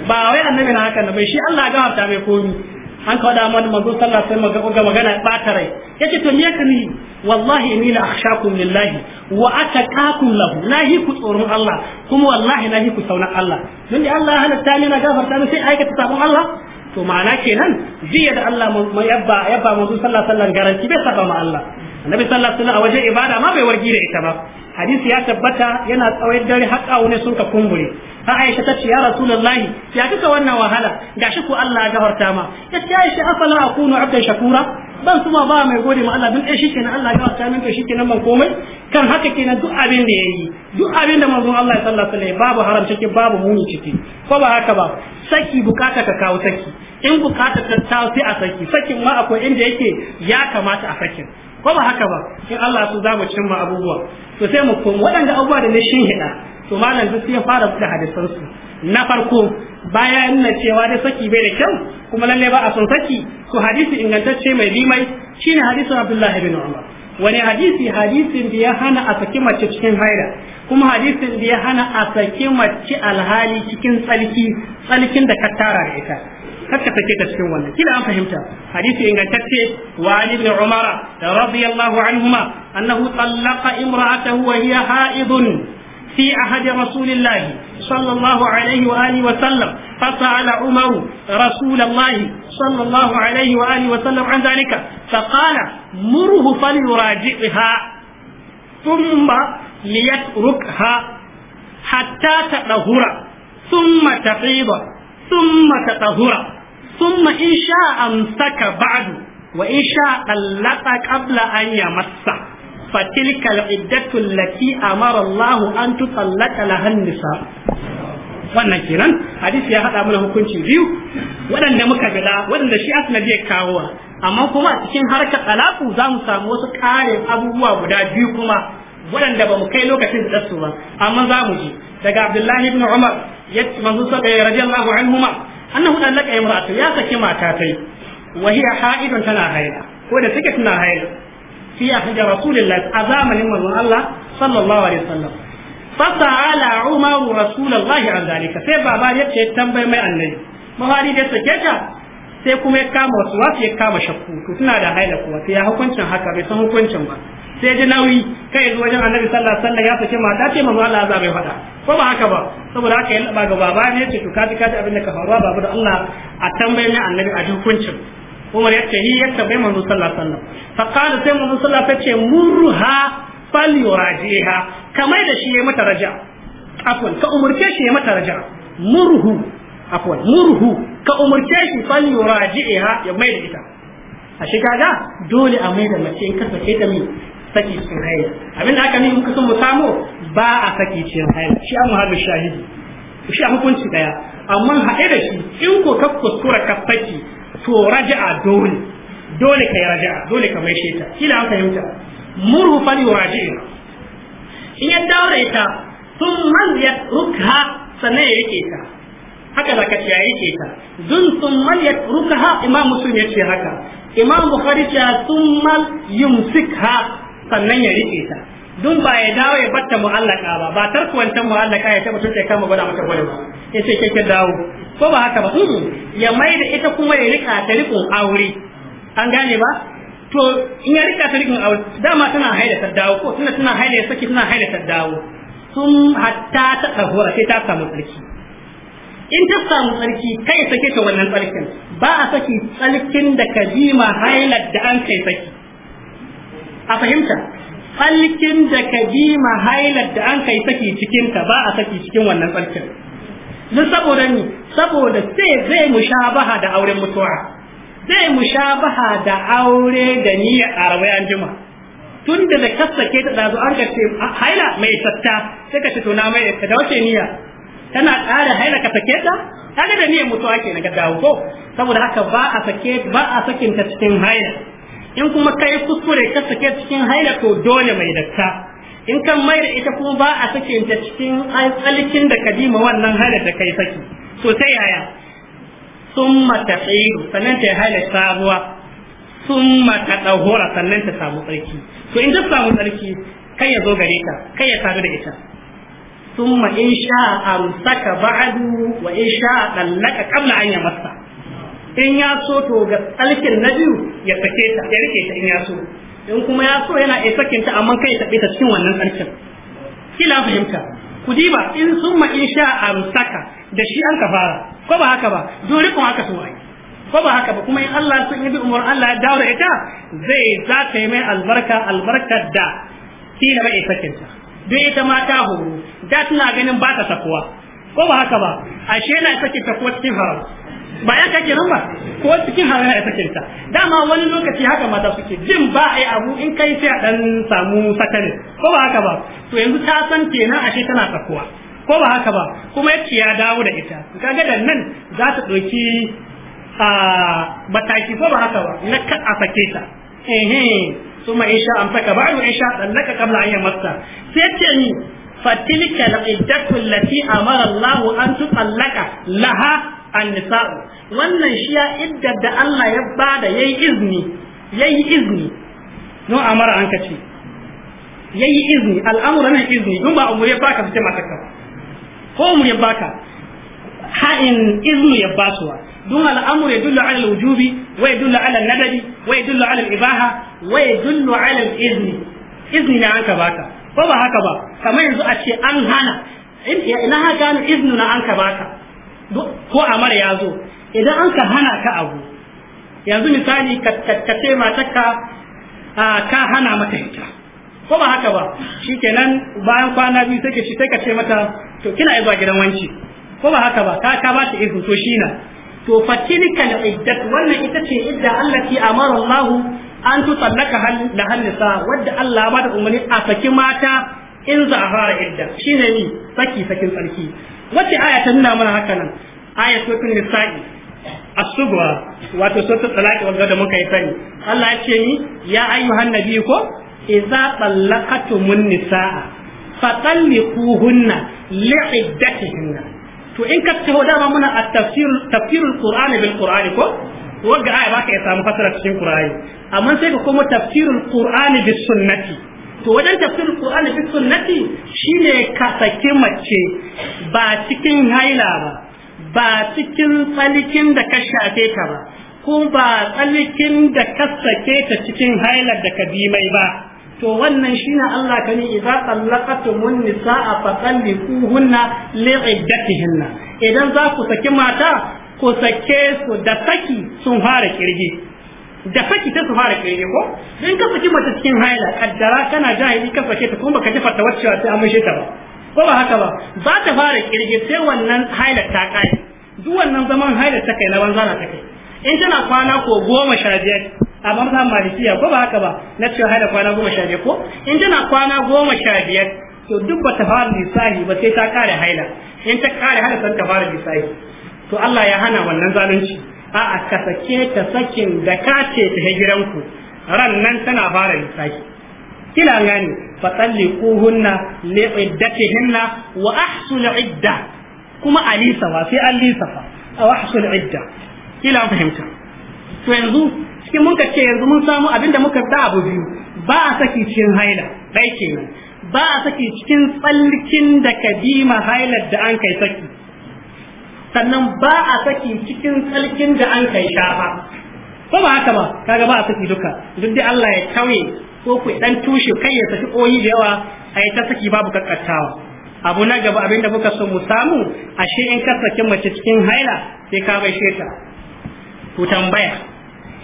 ba wai annabi na haka nan bai shi Allah ga hatta mai komi an kawo da Muhammad manzo sallallahu alaihi wasallam ga magana bata rai yace to me yake ni wallahi inni la akhshakum lillahi wa ataqakum lahu nahi ku tsoron Allah kuma wallahi nahi ku saunan Allah don da Allah halatta ni na gafarta ni sai aikata sabon Allah to ma'ana kenan jiya da Allah mai yabba yabba manzo sallah sallan garanti bai saba ma Allah annabi sallallahu alaihi wasallam a wajen ibada ma bai wargi da ita ba hadisi ya tabbata yana tsawon dare har ne sun ka kumbure Aisha ta ce ya Rasulullahi ya cika wannan wahala gashi ko Allah ya gafarta ma ya ce Aisha afala akunu abdan shakura ban suma ba mai gode ma Allah don eh shikenan Allah ya gafarta min to shikenan ban komai kan haka kenan duk abin da yayi duk abin da manzon Allah ya sallallahu alaihi wasallam babu haram ciki babu muni ciki ko ba haka ba saki bukata ka kawo saki in bukata ta tawo sai a saki sakin ma akwai inda yake ya kamata a sakin ko ba haka ba in Allah su za mu cimma abubuwa to sai mu kun waɗanda abubuwa da na shin hida to malam duk sai fara buɗe hadisan su na farko baya nuna cewa da saki bai da kyau kuma lalle ba a son saki to hadisi ingantacce mai limai shine hadisin Abdullahi bin Umar wani hadisi hadisin da ya hana a saki mace cikin haira kuma hadisin da ya hana a saki mace alhali cikin tsalki tsalkin da ka tara da ita ka sake ta cikin wannan kila an fahimta hadisi ingantacce wa ali ibn umar radiyallahu anhuma annahu tallaqa imra'atahu wa hiya haidun في عهد رسول الله صلى الله عليه وآله وسلم فسأل عمر رسول الله صلى الله عليه وآله وسلم عن ذلك فقال مره فليراجعها ثم ليتركها حتى تطهر ثم تفيض ثم تطهر ثم إن شاء أمسك بعد وإن شاء طلق قبل أن يمسه فتلك العدة التي أمر الله أن تطلق لها النساء wannan kenan hadisi ya haɗa mana hukunci biyu waɗanda muka gada waɗanda shi asnabi ya kawo amma kuma a cikin harkar talaku za mu samu wasu ƙarin abubuwa guda biyu kuma waɗanda ba mu kai lokacin da su ba amma za mu ji daga abdullahi ibn umar ya manzo saka ya eh, radiyallahu anhuma annahu dan laka imra'atu ya saki mata tai wa hiya ha'idun tana haila ko da take tana haila fi ahdi rasulillah a zamanin manzon Allah sallallahu alaihi wasallam fasa'ala umar rasulullah an zalika sai baba ya ce tambayi mai annabi buhari da sake ta sai kuma ya kama wasu wasu ya kama shakku to suna da haila kuwa sai ya hukuncin haka bai san hukuncin ba sai ji nauyi kai yanzu wajen annabi sallallahu alaihi wasallam ya sake mata ce manzo Allah za bai faɗa ko ba haka ba saboda haka ya laba ga baba ne ce to kaji kaji abin da ka faruwa babu da Allah a tambayin annabi a hukuncin umar ya ce ya tambayi manzo sallallahu alaihi wasallam fa qala sai manzo sallallahu alaihi wasallam ce murruha fal yurajiha kamar da shi ya mata raja afwan ka umurce shi ya mata raja murhu afwan murhu ka umurce shi fal yurajiha ya mai da ita a shi kaga dole a mai da mace in ce ta mi saki cikin haila abin da aka nemi kusan mu samu ba a saki cikin haila shi an muhabbi shahidi shi a hukunci daya amma haɗe da shi in ko ka kuskura ka saki to raja'a dole dole kai raja'a dole ka maishe ta kila an fahimta murhu fali raji'in in ya daure ta sun man ya rukha sannan ya yake ta haka zaka ce ya yake ta dun sun man ya rukha imam muslim ya ce haka imam bukhari ta sun man yumsikha sannan ya rike ta dun ba ya dawo ya batta mu'allaka ba ba tarku wancan mu'allaka ya tabbata sai kama gwada mata gwada ya ce kike dawo ko ba haka ba hmm. ya mai da ita kuma ya rika ta rikon aure an gane ba to in ya rika ta rikon aure dama tana haida ta dawo ko tana tana haida ya saki tana haida ta dawo sun hatta ta tsahura sai ta samu tsarki in ta samu tsarki kai sake ta wannan tsarkin ba a saki tsarkin da kazima hailar da an kai saki a fahimta tsalkin da ka ji mahailar da an kai saki cikin ka ba a saki cikin wannan tsalkin don saboda ni saboda sai zai mushabaha da auren mutuwa zai mushabaha da aure da a arabai an jima tun da da ke ta dazu an kace haila mai tatta sai ka tuna na mai ta da wace niyya tana ƙara haila ka sake ta kaga da niyan mutuwa ke na ga dawo ko saboda haka ba a sake ba a sakin ta cikin haila in kuma kai kuskure ka sake cikin haila to dole mai dakka in kan mai da ita kuma ba a sake ta cikin tsalikin da kadima wannan haila da kai saki to sai yaya summa tsiru sannan ta haila sabuwa summa ta dahura sannan ta samu tsarki to in ta samu tsarki kai ya zo gare ka kai ya sadu da ita summa in sha'a amsaka ba'du wa in sha'a dallaka qabla an masa. in ya so to ga tsalkin na biyu ya sake ta ya rike ta in ya so in kuma ya so yana iya sakin ta amma kai ya taɓe ta cikin wannan tsalkin kila fahimta ku ba in sun ma in sha amsaka da shi an ka fara ko ba haka ba dole kuma haka so ko ba haka ba kuma in Allah sun yi bi umar Allah ya dawo da ita zai za ta yi mai albarka albarkar da kila ba iya sakin ta don ita ma ta horo da tana ganin ba ta sakuwa ko ba haka ba ashe na sakin ta ko cikin haram ba ya kake nan ba ko cikin halin ya sake ta dama wani lokaci haka mata suke jin ba ai abu in kai sai a dan samu sakare ko ba haka ba to yanzu ta san kenan ashe tana sakuwa ko ba haka ba kuma yace ya dawo da ita kaga dan nan za ta dauki a mataki ko ba haka ba na ka a sake ta eh ثم إن شاء أمسك بعد وإن شاء لك قبل أن يمسك سيتني فتلك العدة التي أمر الله أن تطلق laha. annisa'u wannan shi ya iddar da Allah ya bada yayi izini yayi izini no amara an kace yayi izini al'amura nan izini don ba umure baka fice mata ka ko umure baka Ha in izini ya basuwa don al'amura ya dullu ala wujubi wa yadullu ala nadari wa yadullu ala ibaha wa yadullu ala izni izini na an ka baka ko ba haka ba kamar yanzu a ce an hana in ina haka izini na an ka baka ko amara ya zo idan an ka hana ka abu yanzu misali ka ce ah, ka hana mata hita ko ba haka ba shi kenan bayan kwana biyu take shi sai ka ce mata to kina zuwa gidan wanci ko ba haka ba ka ka ba ta ihu to shi na to fatilka iddat wannan ita ce idda allati amara Allah an tusallaka hal da halisa wadda Allah ba da umarni a saki mata in za a fara idda shine ni saki sakin sarki wace aya ta nuna mana haka nan aya sotun nisa'i asubwa wato sotun talaki wanda da muka yi sani Allah ya ce ni ya ayyuhan nabi ko idza tallaqatumun nisaa fatalliquhunna li'iddatihinna to in ka taho dama muna at-tafsir tafsirul qur'ani bil qur'ani ko wanda aya baka ya samu fasara cikin qur'ani amma sai ka komo tafsirul qur'ani bis sunnati to wajen tafsirin Qur'ani fi sunnati shine ka saki mace ba cikin haila ba ba cikin tsalikin da ka shafe ta ba ko ba tsalikin da ka sake ta cikin haila da ka bi mai ba to wannan shine Allah kani idza talaqatumun nisaa fa talliquhunna li'iddatihinna idan za ku saki mata ku sake su da saki sun fara kirge da faki ta su fara kirge ko in ka saki mata cikin haila kaddara kana jahili ka sake ta kuma baka ji fata wacce sai an mishe ta ba ko ba haka ba za ta fara kirge sai wannan haila ta kai duk wannan zaman haila ta kai na banza na ta kai in tana kwana ko goma sha biyar a banza malikiya ko ba haka ba na ce haila kwana goma sha biyar ko in tana kwana goma sha biyar to duk ba ta fara lissahi ba sai ta kare haila in ta kare haila san ta fara lissahi to Allah ya hana wannan zalunci a'a ka sake ta sakin da ka ce ta gidanku ran nan tana fara lissafi kina gani fa talliquhunna li iddatihinna wa ahsul idda kuma alisa wa sai alisa fa aw ahsul idda kila fahimta to yanzu cikin mun ce yanzu mun samu da muka da abu biyu ba a saki cikin haila dai kenan ba a saki cikin tsalkin da kadima hailar da an kai saki sannan ba a saki cikin tsalkin da an kai shafa ko ba haka ba kaga ba a saki duka duk dai Allah ya kauye ko ku dan tushe kai ya saki koyi da yawa a ta saki babu kakkatawa abu na gaba abinda muka so mu samu ashe in ka saki mace cikin haila sai ka bai sheta ku tambaya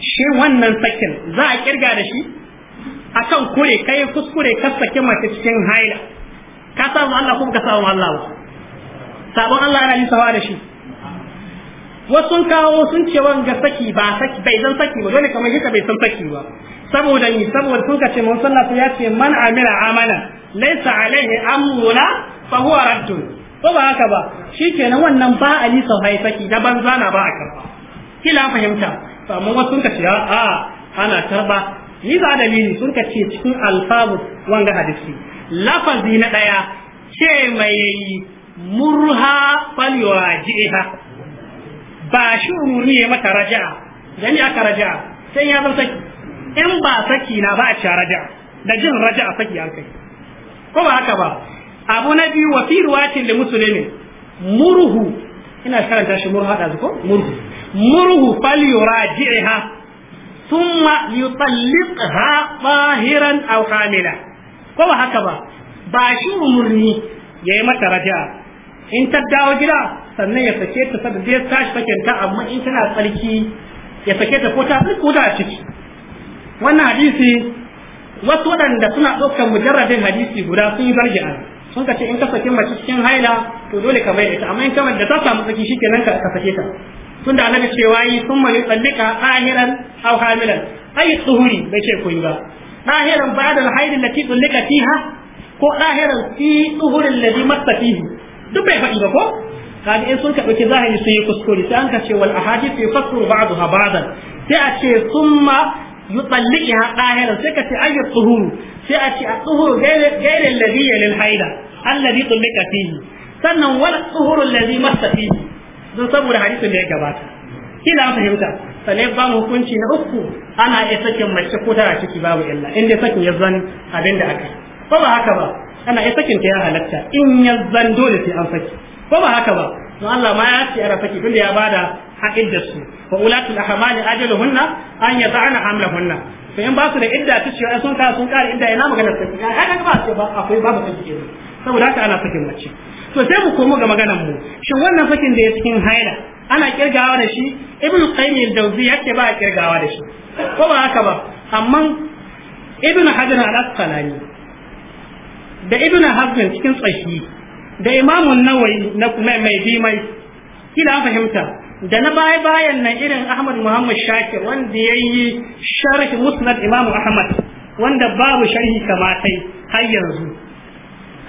shi wannan sakin za a kirga da shi akan kure kai kuskure ka saki mace cikin haila ka samu Allah ko ka samu Allah ba sabon Allah yana yin sawa da shi wasu kawo sun ce wanga saki ba saki bai zan saki ba dole kamar yadda bai san saki ba saboda ni saboda sun ka ce mun sallatu ya ce man amila amalan laysa alaihi amruna fa huwa ko ba haka ba shikenan wannan ba ali sahai saki da banza na ba a karba kila fahimta amma wasu ka ce a ana karba ni ba dalili sun ka ce cikin alfabu wanga hadisi lafazi na daya ce mai murha falwajiha ba shi umurni ya mata raja dan aka raja sai ya zama saki in ba saki na ba a ci raja da jin raja a saki an kai ko ba haka ba abu na biyu wa fi ruwatin da musulmi murhu ina karanta shi murhu hada ko murhu murhu fal yuraji'ha thumma yutalliqha tahiran aw hamila ko ba haka ba ba shi umurni yayi mata raja in ta dawo gida sannan ya sake ta saboda zai tashi fakinta amma in tana tsarki ya sake ta ko ta ko ciki wannan hadisi wasu waɗanda suna ɗaukar mujarradin hadisi guda sun yi a sun kace in ka sake mace cikin haila to dole ka bai ita amma in kamar da ta samu tsaki shikenan ka ka sake ta tunda annabi cewa yi sun mani tsallika ahiran aw hamilan ay tsuhuri bai ce koyi ba ahiran ba'da haidin da allati tsallika fiha ko ahiran fi tsuhurin ladhi matta fihi duk bai faɗi ba ko kaga in sun ka ɗauki zahiri sun yi kuskure sai an ka ce wal fasru yufassaru ba'daha ba'dan sai a ce summa yutalliqiha qahiran sai ka ce ayyu tuhuru sai a ce at-tuhuru alladhi lil haida alladhi tulliqa fihi sannan wal tuhuru alladhi massa fihi don saboda hadisin da ya gabata kila an fahimta sannan ba mu hukunci na uku ana iya sakin mace ko tara ciki babu illa inda sakin ya zan abinda aka ba ba haka ba ana ya sakin ta ya halatta in ya zan dole sai an saki ko ba haka ba to Allah ma ya ce ana saki tunda ya bada haƙin da su fa ulatul ahmali ajaluhunna an yaz'ana hamlahunna to in ba su da idda ta cewa sun ka sun kare idda yana magana saki ga haka ba su ba akwai babu saki kenan saboda haka ana sakin mace to sai mu komo ga maganar mu shin wannan sakin da ya cikin haila ana kirgawa da shi ibn qayyim al-jawzi yace ba a kirgawa da shi ko ba haka ba amma ibn hajar al-asqalani da ibn hazm cikin tsashi da imamun nawawi na kuma mai bi mai kila fahimta da na baya bayan nan irin ahmad muhammad shakir wanda ya yi musnad imam ahmad wanda babu sharhi kamatai har yanzu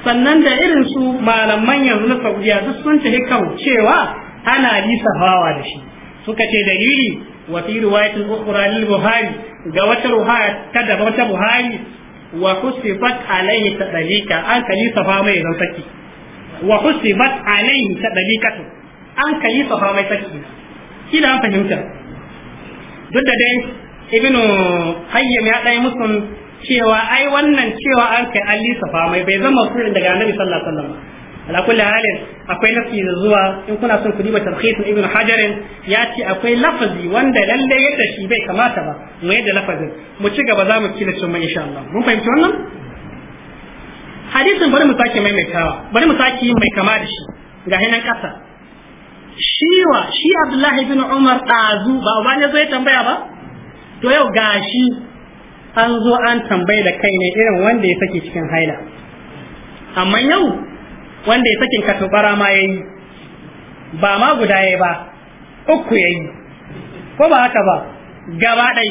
sannan da irin su malaman yanzu na saudiya duk sun ta kan cewa ana hawa da shi suka ce dalili wa fi riwayatin ukhra buhari ga wata ruha ta da wata buhari wa husibat alaihi tadalika an kali safa mai zan saki wa husibat alaihi tadalika an kali safa mai saki kila an fahimta duk da dai ibnu hayyim ya dai musun cewa ai wannan cewa an kai alli safa mai bai zama sirrin daga annabi sallallahu alaihi wasallam ala kulli halin akwai lafi da zuwa in kuna son ku diba tarhis ibn hajar ya ce akwai lafazi wanda lalle yadda shi bai kamata ba mu yadda lafazin mu ci gaba za mu kila cin mai insha Allah mun fahimci wannan hadisin bari mu sake maimaitawa bari mu sake yin mai kama da shi ga hinan kasa shiwa shi Abdullahi ibn Umar azu ba ba ne zai tambaya ba to yau gashi an zo an tambaye da kai ne irin wanda ya sake cikin haila amma yau wanda ya sakin katubara ma yi ba ma guda yayi ba uku yi ko ba haka ba gaba ɗai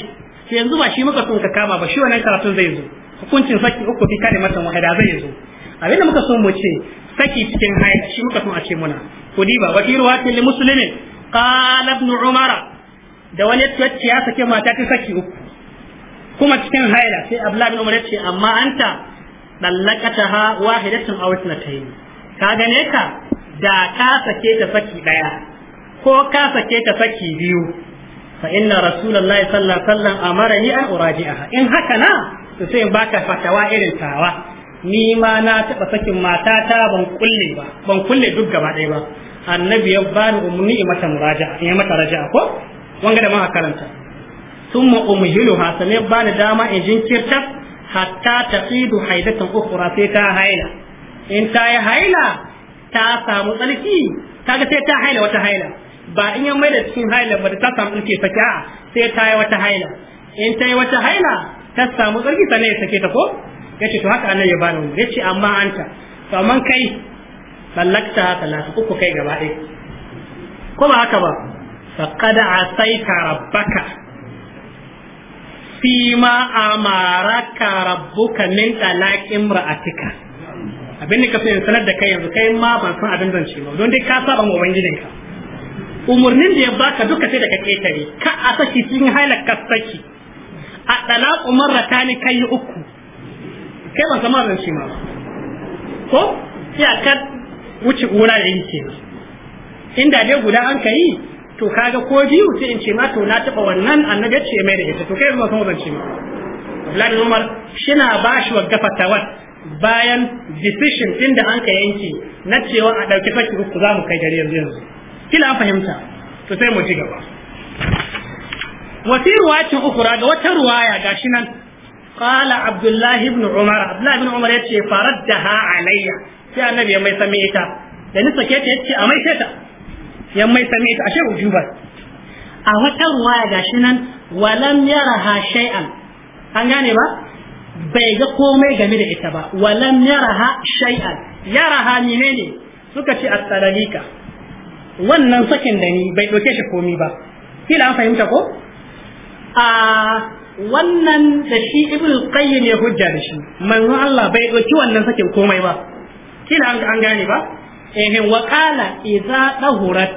sai yanzu ba shi muka sun ka kama ba shi wannan karatun zai zo hukuncin saki uku fi kare matan wahida zai zo abin da muka so mu ce saki cikin haya shi muka so a ce muna kudi ba wafi ruwatin li muslimin qala ibn umara da wani tacci ya sake mata ta saki uku kuma cikin haila sai abdullahi ibn umar ya ce amma anta dallakataha wahidatun aw ithnatayn ka gane ka da ka sake ta saki daya ko ka sake ta saki biyu fa inna rasulullahi sallallahu alaihi wasallam amarani an uraji'aha in haka na to sai baka fatawa irin tawa ni ma na taba sakin matata ban kulle ba ban kulle duk gaba ɗaya ba annabi ya bani umni mata muraja'a in mata raja'a ko wanga da ma karanta thumma umhiluha sanai bani dama in jinkirta hatta taqidu haidatan ukhra sai ta haila in ta yi haila ta samu tsarki kaga sai ta haila wata haila ba in yan mai da cikin haila ba ta samu tsarki sake a sai ta yi wata haila in ta yi wata haila ta samu tsarki sannan ya sake ta ko ya ce to haka annan ya bani wani ya ce amma an ta to amma kai tsallakta talata uku kai gaba ɗaya ko ba haka ba faqad asaita rabbaka fima amaraka rabbuka min talaqi imra'atika abin da ka so sanar da kai yanzu kai ma ban san abin zan ce ba don dai ka saba ma ubangijinka umurnin da ya baka duka sai da ka ketare ka a saki cikin ka saki a umar marrata ne kai uku kai ban sama zan ce ma ba ko sai a wuce gona da yake inda dai guda an ka yi to kaga ko biyu sai in ce ma to na taba wannan annabi ya ce mai da ita to kai ban san zan ce ma Abdullahi Umar shi na bashi wa gafatawar bayan decision din da an ka yanke na cewa a ɗauki saki uku za mu kai gari yanzu yanzu kila an fahimta to sai mu ci gaba wasi ruwacin ukura ga wata ruwaya gashi nan qala abdullahi ibn umar abdullahi ibn umar yace faraddaha alayya sai annabi ya mai sami ita da ni sake ta yace a mai ta ya mai same ta ashe ujuba a wata ruwaya gashi nan walam yaraha shay'an an gane ba bai ga komai game da ita ba walam yaraha shay'an yaraha ne? suka ce at-talalika wannan sakin da ni bai ɗauke shi komi ba kila an fahimta ko a wannan da shi ibn qayyim ya hujja da shi manzon Allah bai ɗauki wannan sakin komai ba kila an gane ba eh wa qala idza dahurat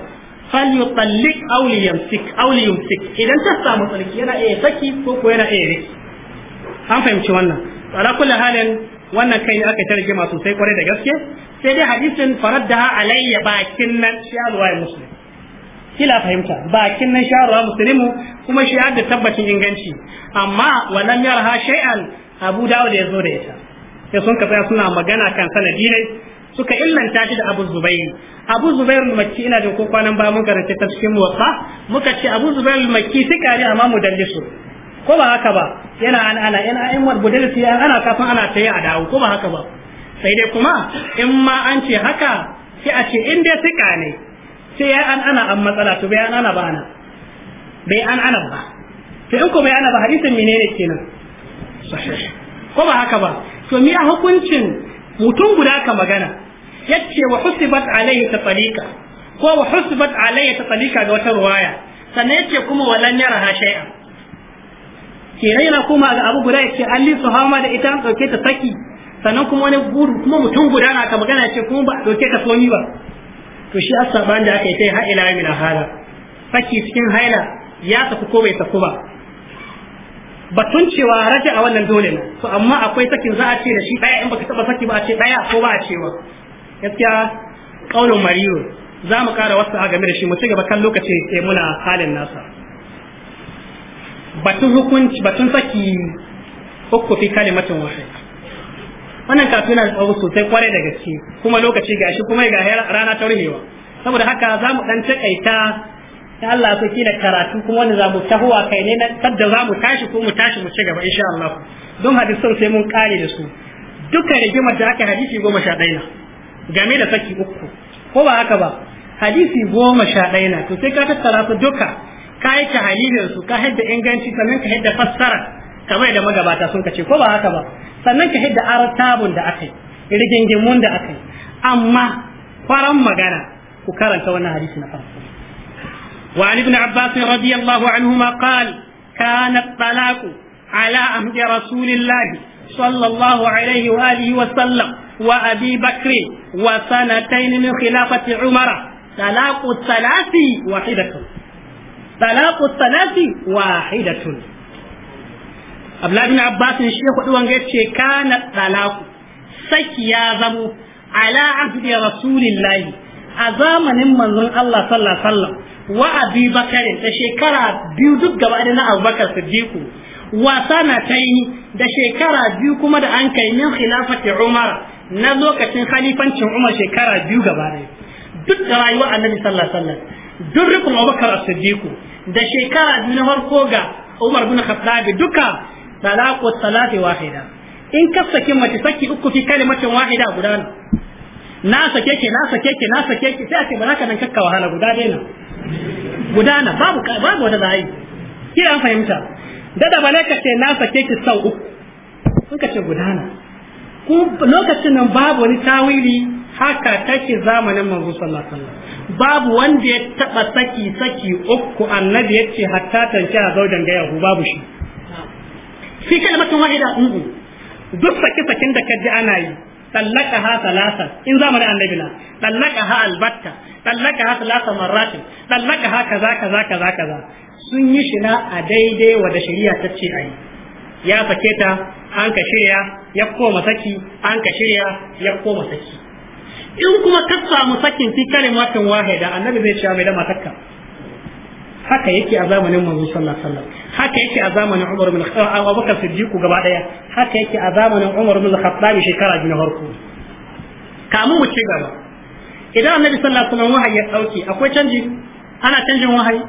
falyutallik aw liyamsik aw liyumsik idan ta samu tsarki yana iya saki ko ko yana iya riki an fahimci wannan ala kulli halin wannan kai ne aka tarje ma sosai kwarai da gaske sai dai hadisin faradda alayya bakin nan shi alwaye muslim kila fahimta bakin nan shawarwa muslimu kuma shi da tabbacin inganci amma walam yarha shay'an abu dawud ya zo da ita sai sun kafa suna magana kan sanadi ne suka illanta shi da abu zubairu. abu zubairu makki ina da ko kwanan ba mun karanta ta cikin muwatta muka ce abu zubairu makki sai kare amma mu dallisu ko ba haka ba yana an ana yana in wani budilci ana kafin ana ta yi a dawo ko ba haka ba sai dai kuma in ma an ce haka sai a ce in dai suka ne sai ya an ana an matsala to bai an ana ba ana bai an ana ba sai in ko bai ana ba hadisin menene kenan sahih ko ba haka ba to miya hukuncin mutum guda ka magana yace wa husibat alayhi ta tsalika ko wa husibat alayhi ta tsalika ga wata ruwaya sannan yace kuma walan yara ha shay'an kenan yana koma ga abu guda yake alli an lisu hama da ita an dauke ta saki sannan kuma wani guru kuma mutum guda na ka magana ce kuma ba a ɗauke ka ba to shi ban da aka yi ta ha'ila ya mina hala saki cikin haila ya tafi ko bai tafi ba batun cewa raja a wannan dole ne to amma akwai sakin za a ce da shi ɗaya in baka taba saki ba a ce ɗaya ko ba a cewa gaskiya ƙaunin mariyo za mu ƙara wasu a game da shi mu ci gaba kan lokaci sai muna halin nasa batun hukunci batun saki uku fi kalimatin wahid wannan kafin na tsawo sosai kwarai da gaske kuma lokaci ga shi kuma ga rana ta rumewa saboda haka za mu dan takaita ta Allah su da karatu kuma wanda za mu tahowa kai ne na tadda za mu tashi ko mu tashi mu ci gaba insha Allah don hadisan sai mun kare da su duka rigimar da aka hadisi goma sha ɗaya game da saki uku ko ba haka ba hadisi goma sha ɗaya na to sai ka tattara su duka ka yi tahalilin su ka hidda inganci sannan ka hidda fassara kamar da magabata sun kace ko ba haka ba sannan ka hidda artabun da akai rigingimun da akai amma faran magana ku karanta wannan hadisi na farko wa ali ibn abbas radiyallahu anhuma qala kana at ala ahdi rasulillah sallallahu alaihi wa alihi wa sallam wa abi bakr wa sanatayn min khilafati umara talaqu thalathi wahidatun talaqu salati wahidatun Abdullahi bin Abbas ne shi kudu wanga yace kana talaqu saki ya zamo ala ahdi rasulillahi a zamanin manzon Allah sallallahu alaihi wasallam wa abi da shekara biyu duk gaba da na abubakar siddiqu wasa na ta yi da shekara biyu kuma da an kai min khilafati umar na lokacin khalifancin umar shekara biyu gaba duk da rayuwa annabi sallallahu alaihi wasallam Durrikun Abakar abubakar a da shekara biyu na farko ga umar bin khattabi duka talaqu salati wahida in ka saki mace saki uku fi kalimatin wahida guda na sake ke na sake ke na sake ke sai a ce ba za ka nan kakka wahala guda daina guda na babu babu wata zai kira an fahimta dada bale ka ce na sake ke sau uku kun ka ce guda na lokacin nan babu wani tawili haka take zamanin manzo sallallahu alaihi wasallam babu wanda ya taba saki saki uku annabi ya ce hatta tanke a zaujan ga yahu babu shi fi kalmatun wahida ungu duk saki sakin da kaji ana yi tallaka ha salasa in zamanin annabi na tallaka ha albatta tallaka ha salasa marratin tallaka ha kaza kaza kaza kaza sun yi shi na a daidai wanda shari'a ta ce a yi ya sake ta an ka shirya ya koma saki an ka shirya ya koma saki in kuma ka samu sakin fi kalimatin wahida annabi zai cewa mai da matakka haka yake a zamanin manzo sallallahu alaihi wasallam haka yake a zamanin Umar bin Khattab Abu Bakar Siddiq gaba daya haka yake a zamanin Umar bin Khattab shekara ji na farko kamu mu ci gaba idan annabi sallallahu alaihi wasallam wahayi ya dauke akwai canji ana canjin wahayi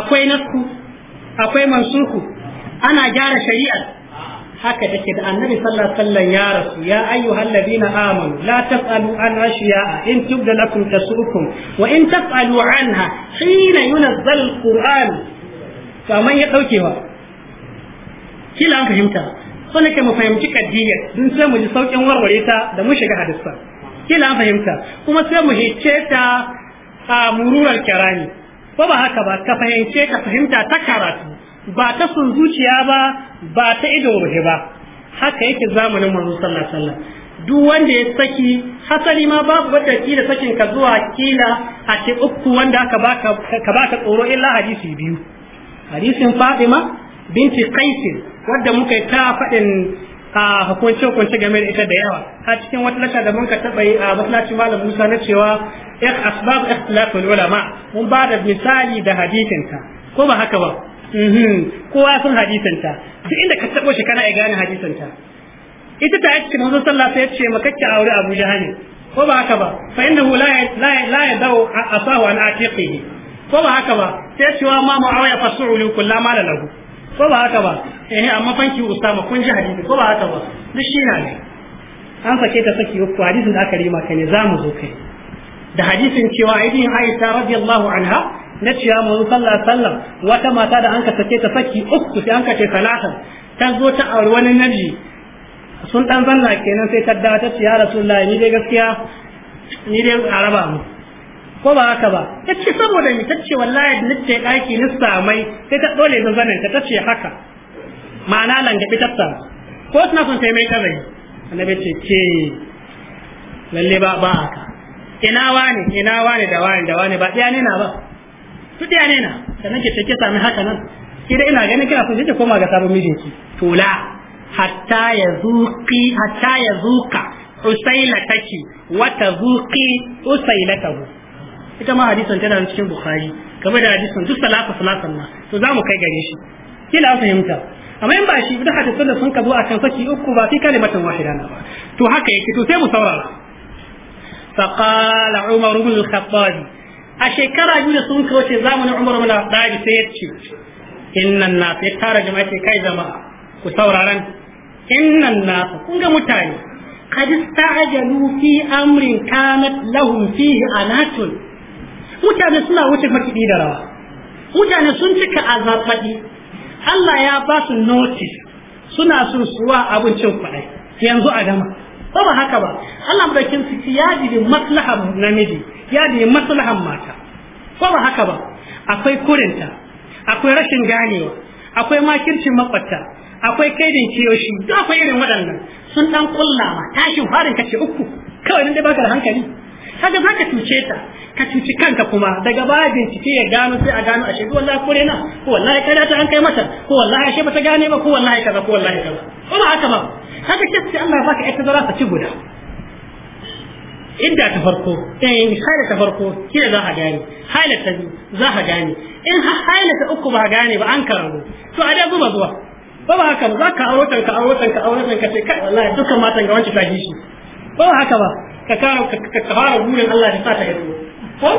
akwai nasku akwai mansuku ana gyara shari'a haka take da annabi sallallahu alaihi wasallam ya rasu ya ayyuhal ladina amanu la tasalu an ashiya in tubda lakum tasukum wa in tasalu anha hina yunazzal quran. to amma ya dauke wa kila an fahimta so nake mu fahimci kaddiya dun sai mu ji saukin warware ta da mu shiga hadisa kila an fahimta kuma sai mu hice ta a mururar kirani ko ba haka ba ka fahimce ka fahimta ta karatu ba ta sun zuciya ba ba ta idon rufe ba haka yake zamanin manzo sallallahu alaihi duk wanda ya saki hasali ma babu wata kila sakin ka zuwa kila a ce uku wanda aka baka ka baka tsoro illa hadisi biyu hadisin Fatima binti Qais wanda muka yi ta fadin a hukunce hukunce game da ita da yawa a cikin wata lata da muka taba yi a masallacin malam Musa na cewa ik asbab ikhtilaful ulama mun ba da misali da hadisin ka ko ba haka ba Mhm. kowa sun hadisanta duk inda ka tabo shi kana ya gane hadisanta ita ta yace manzo sallallahu alaihi wasallam ya ce makacce aure Abu Jahal ko ba haka ba fa innahu la la la yadau asahu an atiqihi ko ba haka ba sai cewa ma muawiya fasu'ulu kullama la lahu ko ba haka ba eh amma fanki usama kun ji hadisi ko ba haka ba duk shi na ne an sake ta saki uku hadisin da aka rima ka ne zamu zo kai da hadisin cewa aidin Aisha radiyallahu anha na ciya mu sallallahu sallam wata mata da an ka sake ta saki uku sai an ka ce salatan ta zo ta auri wani naji sun dan zanna kenan sai ta da ta ciya rasulullahi ni dai gaskiya ni dai araba mu ko ba haka ba ta ce saboda ni ta ce wallahi ni ce daki ni samai sai ta dole zanzanin ta ta ce haka ma'ana lan ta samu ko suna son sai mai kazai annabi ce ke lalle ba ba haka ina wani ina wani da wani da wani ba tsaya ne na ba duk da ne na sannan ke take sami haka nan kida ina ganin kina so kike koma ga sabon mijinki to la hatta yazuqi hatta yazuqa usailataki wa tazuqi usailatahu ita ma hadisin tana cikin bukhari kamar da hadisin duk salatu salatan ma to za kai gare shi kila fahimta amma in ba shi duk hadisin da sun ka zo kan saki uku ba fi kalimatan wahida na ba to haka yake to sai mu saurara فقال عمر بن الخطاب a shekara biyu da sun kauce zamanin umar mana ɗari sai ya ce innan na sai tara jama'a ce kai jama'a ku sauraron innan na kun ga mutane kad sta'jalu fi amrin kanat lahum fihi anatun mutane suna wuce makidi da rawa mutane sun cika azabadi Allah ya ba su notice suna sun suwa abincin kwaɗai yanzu a dama ba haka ba Allah bakin su ya jiri maslahar namiji ya ne maslahan mata ko ba haka ba akwai kurinta akwai rashin ganewa akwai makircin makwabta akwai kaidin kiyoshi da akwai irin waɗannan sun dan kulla ma tashin farin kace uku kawai nan dai baka da hankali kaga zaka tuce ta ka tuci kanka kuma daga baya bincike ya gano sai a gano ashe wallahi kure na ko wallahi kada ta an kai mata ko wallahi ashe bata gane ba ko wallahi kaza ko wallahi kaza ko ba haka ba kaga kace Allah ya baka ita zara ta ci guda inda ta farko in eh, haila ta farko kina za ka gane haila ta biyu za ka gane in haila ta uku ba gane ba an karamu to a da zuba zuwa ba ba haka za ka aurotan ka aurotan ka aurotan ka ce kai wallahi dukkan matan ga wancan ta ji shi ba ba haka ba ka karo ka fara burin Allah ya sa ta hito ko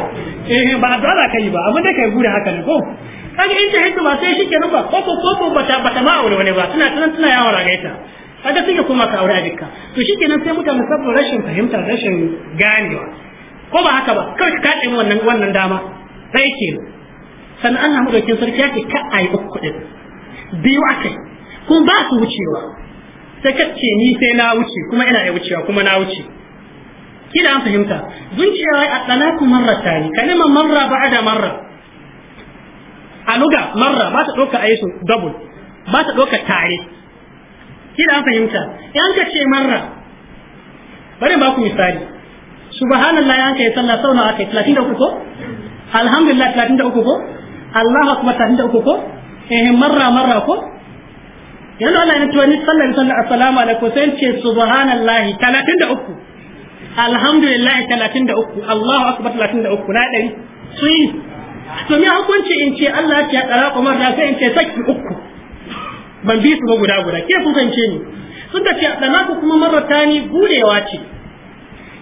eh ba da za ka yi ba amma dai kai burin haka ne ko kaje in ta hito ba sai shi kenan ba ko ko ko ba ta ba ta ma aure wani ba tana tana tana yawon ragaita kaga sai kuma koma ka aure a dukka to shikenan sai mutane saboda rashin fahimta rashin ganewa ko ba haka ba kar ka kace wannan wannan dama sai kenan sannan Allah madaukin sarki yake ka ayi uku din biyu akai kuma ba su wucewa sai ka ce ni sai na wuce kuma ina da wucewa kuma na wuce kina an fahimta zuciya wai at Marra marratan kalimar marra ba'da marra a luga marra ba ta doka yi su double ba ta doka tare kila an fahimta yan ka ce marra bari ba ku misali subhanallah yan ka yi sallah sau talatin da uku ko alhamdulillah uku ko Allahu da uku ko eh marra marra ko yanzu Allah ya tuwa ni sallar sallar assalamu alaikum sai ce subhanallah 33 alhamdulillah 33 Allahu da uku. na ɗari. dari sun to me hukunci in ce Allah ya tsara Umar da sai in ce saki uku ban bi su ba guda guda ke kun kance ni sun ce ku kuma ni budewa ce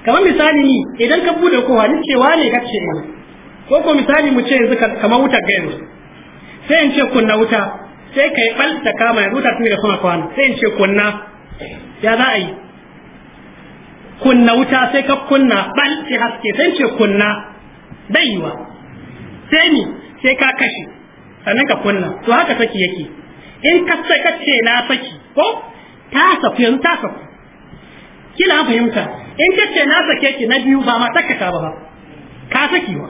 kamar misali ni idan ka bude kowa ni cewa ne ka ce ni ko ko misali mu ce yanzu kamar wutar yanzu. sai in ce kunna wuta sai ka yi ɓalta kama yanzu ta tuni da kuma kwana sai in ce kunna ya za a yi kunna wuta sai ka kunna sai haske sai in ce kunna daiwa sai ni sai ka kashe sannan ka kunna to haka take yake in kace kace na saki ko ta saku yanzu ta saku kila fahimta in kace na sake ki na biyu ba ma takkata ba ka saki wa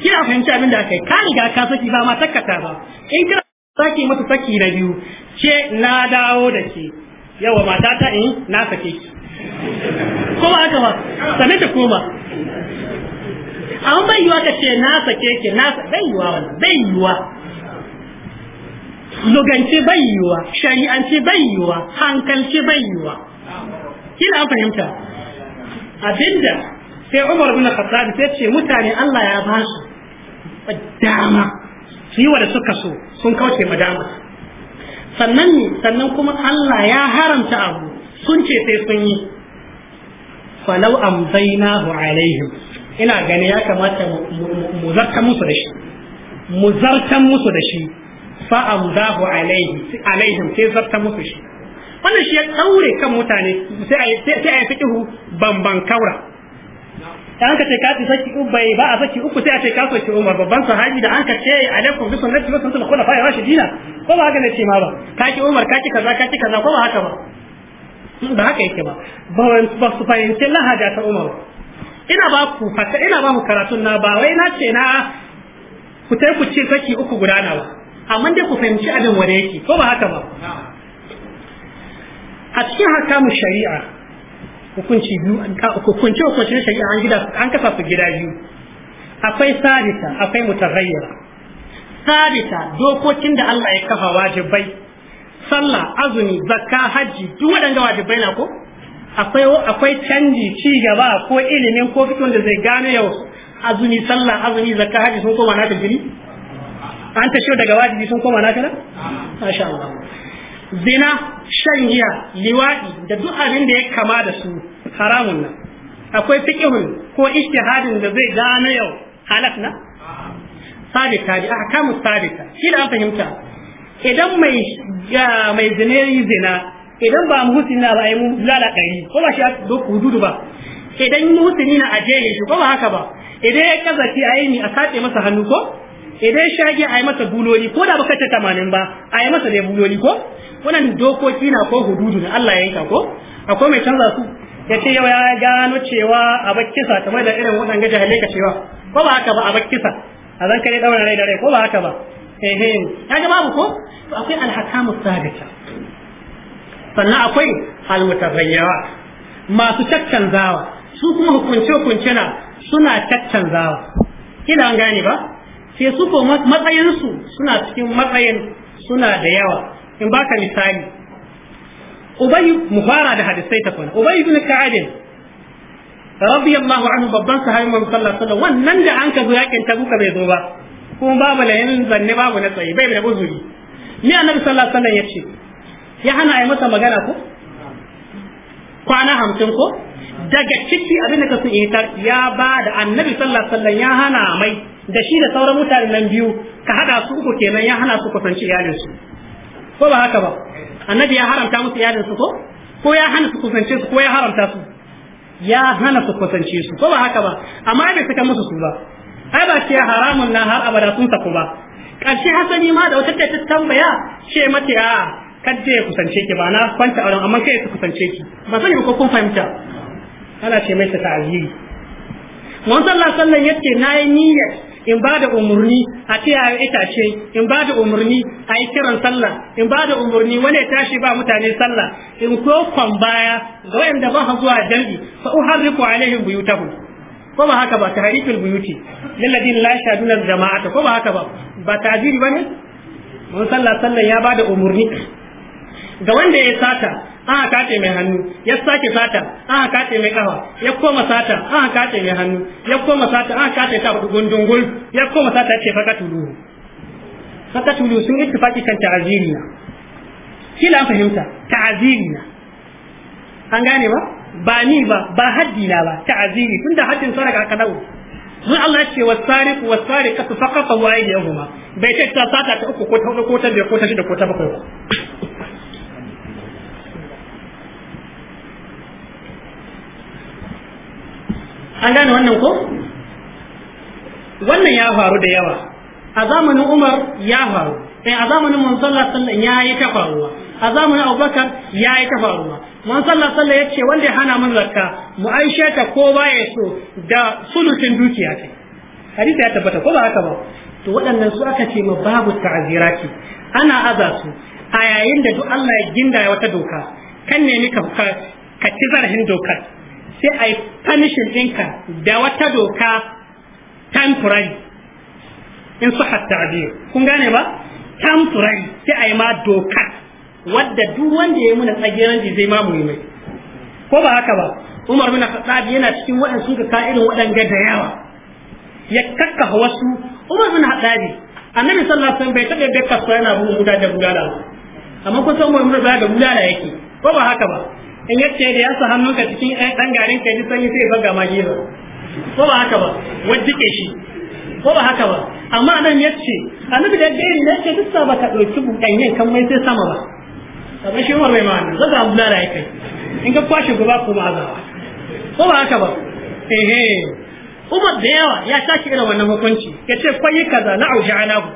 kina fahimta abin da aka yi ka riga ka saki ba ma takkata ba in kira saki mata saki na biyu ce na dawo da ke yawa mata ta in eh, na sake ki ko ba haka ba sanin ta koma amma bai yiwa ka ce na sake ki na bai yiwa wannan bai yiwa lugance bai wa, shari'ance bai wa, hankalce bai wa. kina fahimta abinda sai Umar bin Khattab sai ce mutane Allah ya ba su dama su yi wa da suka so sun kauce ma dama sannan ne sannan kuma Allah ya haramta abu sun ce sai sun yi falau amzainahu alaihim ina gani ya kamata mu zarta musu da shi mu zartan musu da shi fa'amdahu alaihim sai zarta musu shi wannan shi ya daure kan mutane sai a yi fiƙihu bamban kaura da an ka ce kafi saki bai ba a saki uku sai a ce ka soki umar babban sahabi da an ka ce alaikum bi sunnati wa sunnatul khulafa ya shi dina ko ba haka ne ce ma ba ka ki umar ka ki kaza ka ki kaza ko ba haka ba ba haka yake ba ba su fahimci lahaja ta umar ina ba ku fata ina ba mu karatun na ba wai na ce na ku tai ku ce saki uku gudana ba amma dai ku fahimci abin wanda yake ko ba haka ba a cikin hakamu shari'a hukunci biyu hukunci hukunci na shari'a an gida an kafa su gida biyu akwai sabita akwai mutaghayyira sabita dokokin da Allah ya kafa wajibai sallah azumi zakka hajji duk waɗanda wajibai na ko akwai akwai canji ci gaba ko ilimin ko fiton da zai gane yau azumi sallah azumi zakka hajji sun koma na jiri. an tasho daga wajibi sun koma nafila masha Allah zina shan giya liwaɗi da duk abin da ya kama da su haramun nan akwai fikihun ko ijtihadin da zai gane yau halak na sabita a ahkamu sabita shi da an fahimta idan mai mai zina zina idan ba mu na ba ai mu lalakari ko ba shi doku hududu ba idan muhsini na ajehe shi ko ba haka ba idan ya a ayi ni a sace masa hannu ko idan shage a yi masa buloli ko da baka ta tamanin ba a yi masa dai buloli ko wannan dokoki na ko hududu na Allah ya yanka ko akwai mai canza su ya ce yau ya gano cewa a sa kamar da irin wannan gaje ka cewa ko ba haka ba a sa a zan kare daura rai da rai ko ba haka ba ehe ya ga babu ko to akwai alhakamu sabita sannan akwai almutabayyawa masu caccanzawa su kuma hukunce hukunce na suna caccanzawa kina an gane ba sai su ko matsayinsu suna cikin matsayin suna da yawa in baka misali ubay mu fara da hadisai ta kwana ubay ibn ka'ab radiyallahu anhu babban sahabi mu sallallahu alaihi wannan da an ka zo yakin tabuka bai zo ba kuma babu layin zanne babu na tsayi bai da buzuri ni annabi sallallahu alaihi wasallam yace ya hana ai masa magana ko kwana hamsin ko daga ciki abin da ka su yi ya ba da annabi sallallahu alaihi wasallam ya hana mai da shi da sauran mutane nan biyu ka hada su uku kenan ya hana su kusanci iyalin su ko ba haka ba annabi ya haramta musu iyalin su ko ko ya hana su kusance su ko ya haramta su ya hana su kusance su ko ba haka ba amma bai saka musu su ba ai ba ce haramun na har abada sun saku ba karshe hasali ma da wata ta tambaya ce mata ya kadda ya kusance ki ba na kwanta auren amma kai ya kusance ki ba sani ko kun fahimta ana ce mai ta ta'aziri Mun sallah sallan na yi niyyar in ba da umarni a ce itace in ba da umarni a yi kiran sallah in ba da umarni wani tashi ba mutane sallah in so kwan baya ga wanda ba ha zuwa jam'i fa uharriqu alaihim buyutahum ko ba haka ba tahrikul buyuti lilladin la shaduna jama'ata ko ba haka ba ba tajiri bane mun sallah sallah ya ba da umarni ga wanda ya sata aka kace mai hannu ya sake sata aka kace mai kafa ya koma sata aka kace mai hannu ya koma sata aka kace ta hudu gundungul ya koma sata ce faka tulu faka tulu sun tafaki kan ta'azirina kila an fahimta ta'azirina an gane ba ba ni ba ba haddi na ba ta'aziri tunda haddin saraka ka dawo sun Allah ce wa sariq wa sariqa fa faqata wa bai ce ta sata ta uku ko ta hudu ko ta biyar ko ta shida ko ta bakwai an gane wannan ko wannan ya faru da yawa a zamanin umar ya faru eh, a zamanin mun sallah ya yi ta faruwa a zamanin abubakar ya yi ta faruwa mun sallah ya ce wanda ya hana min zakka mu Aisha ta ko ya so da sulusin dukiya ce hadisa ya tabbata ko ba haka ba to waɗannan su aka ce ma babu ta'aziraki ana aza su a yayin da duk Allah ya ginda wata doka kan nemi ka ci zarhin dokar sai a yi punishing ɗinka da wata doka temporary in su hatta biyu kun gane ba temporary sai a yi ma doka wadda duk wanda ya yi muna tsagiranci zai ma mu mai ko ba haka ba umar muna khattab yana cikin waɗansu suka ka irin waɗanga da yawa ya kakka wasu umar muna khattab annabi sallallahu alaihi wasallam bai taɓa bai kasuwa yana bugun guda da bulala amma kun san umar muna khattab da bulala yake ko ba haka ba in yace da ya sa hannunka cikin ɗan garin ka ji sanyi sai baga ma ba ko ba haka ba wajjike shi ko ba haka ba amma nan yace annabi da dai ne yace duk sa baka dauki bukanyen kan mai sai sama ba kamar shi umar mai ma'ana zaga abdullahi ya kai in ka kwashe gaba ko ba za ko ba haka ba ehe umar da yawa ya tashi irin wannan hukunci yace kwayi kaza na auja'anahu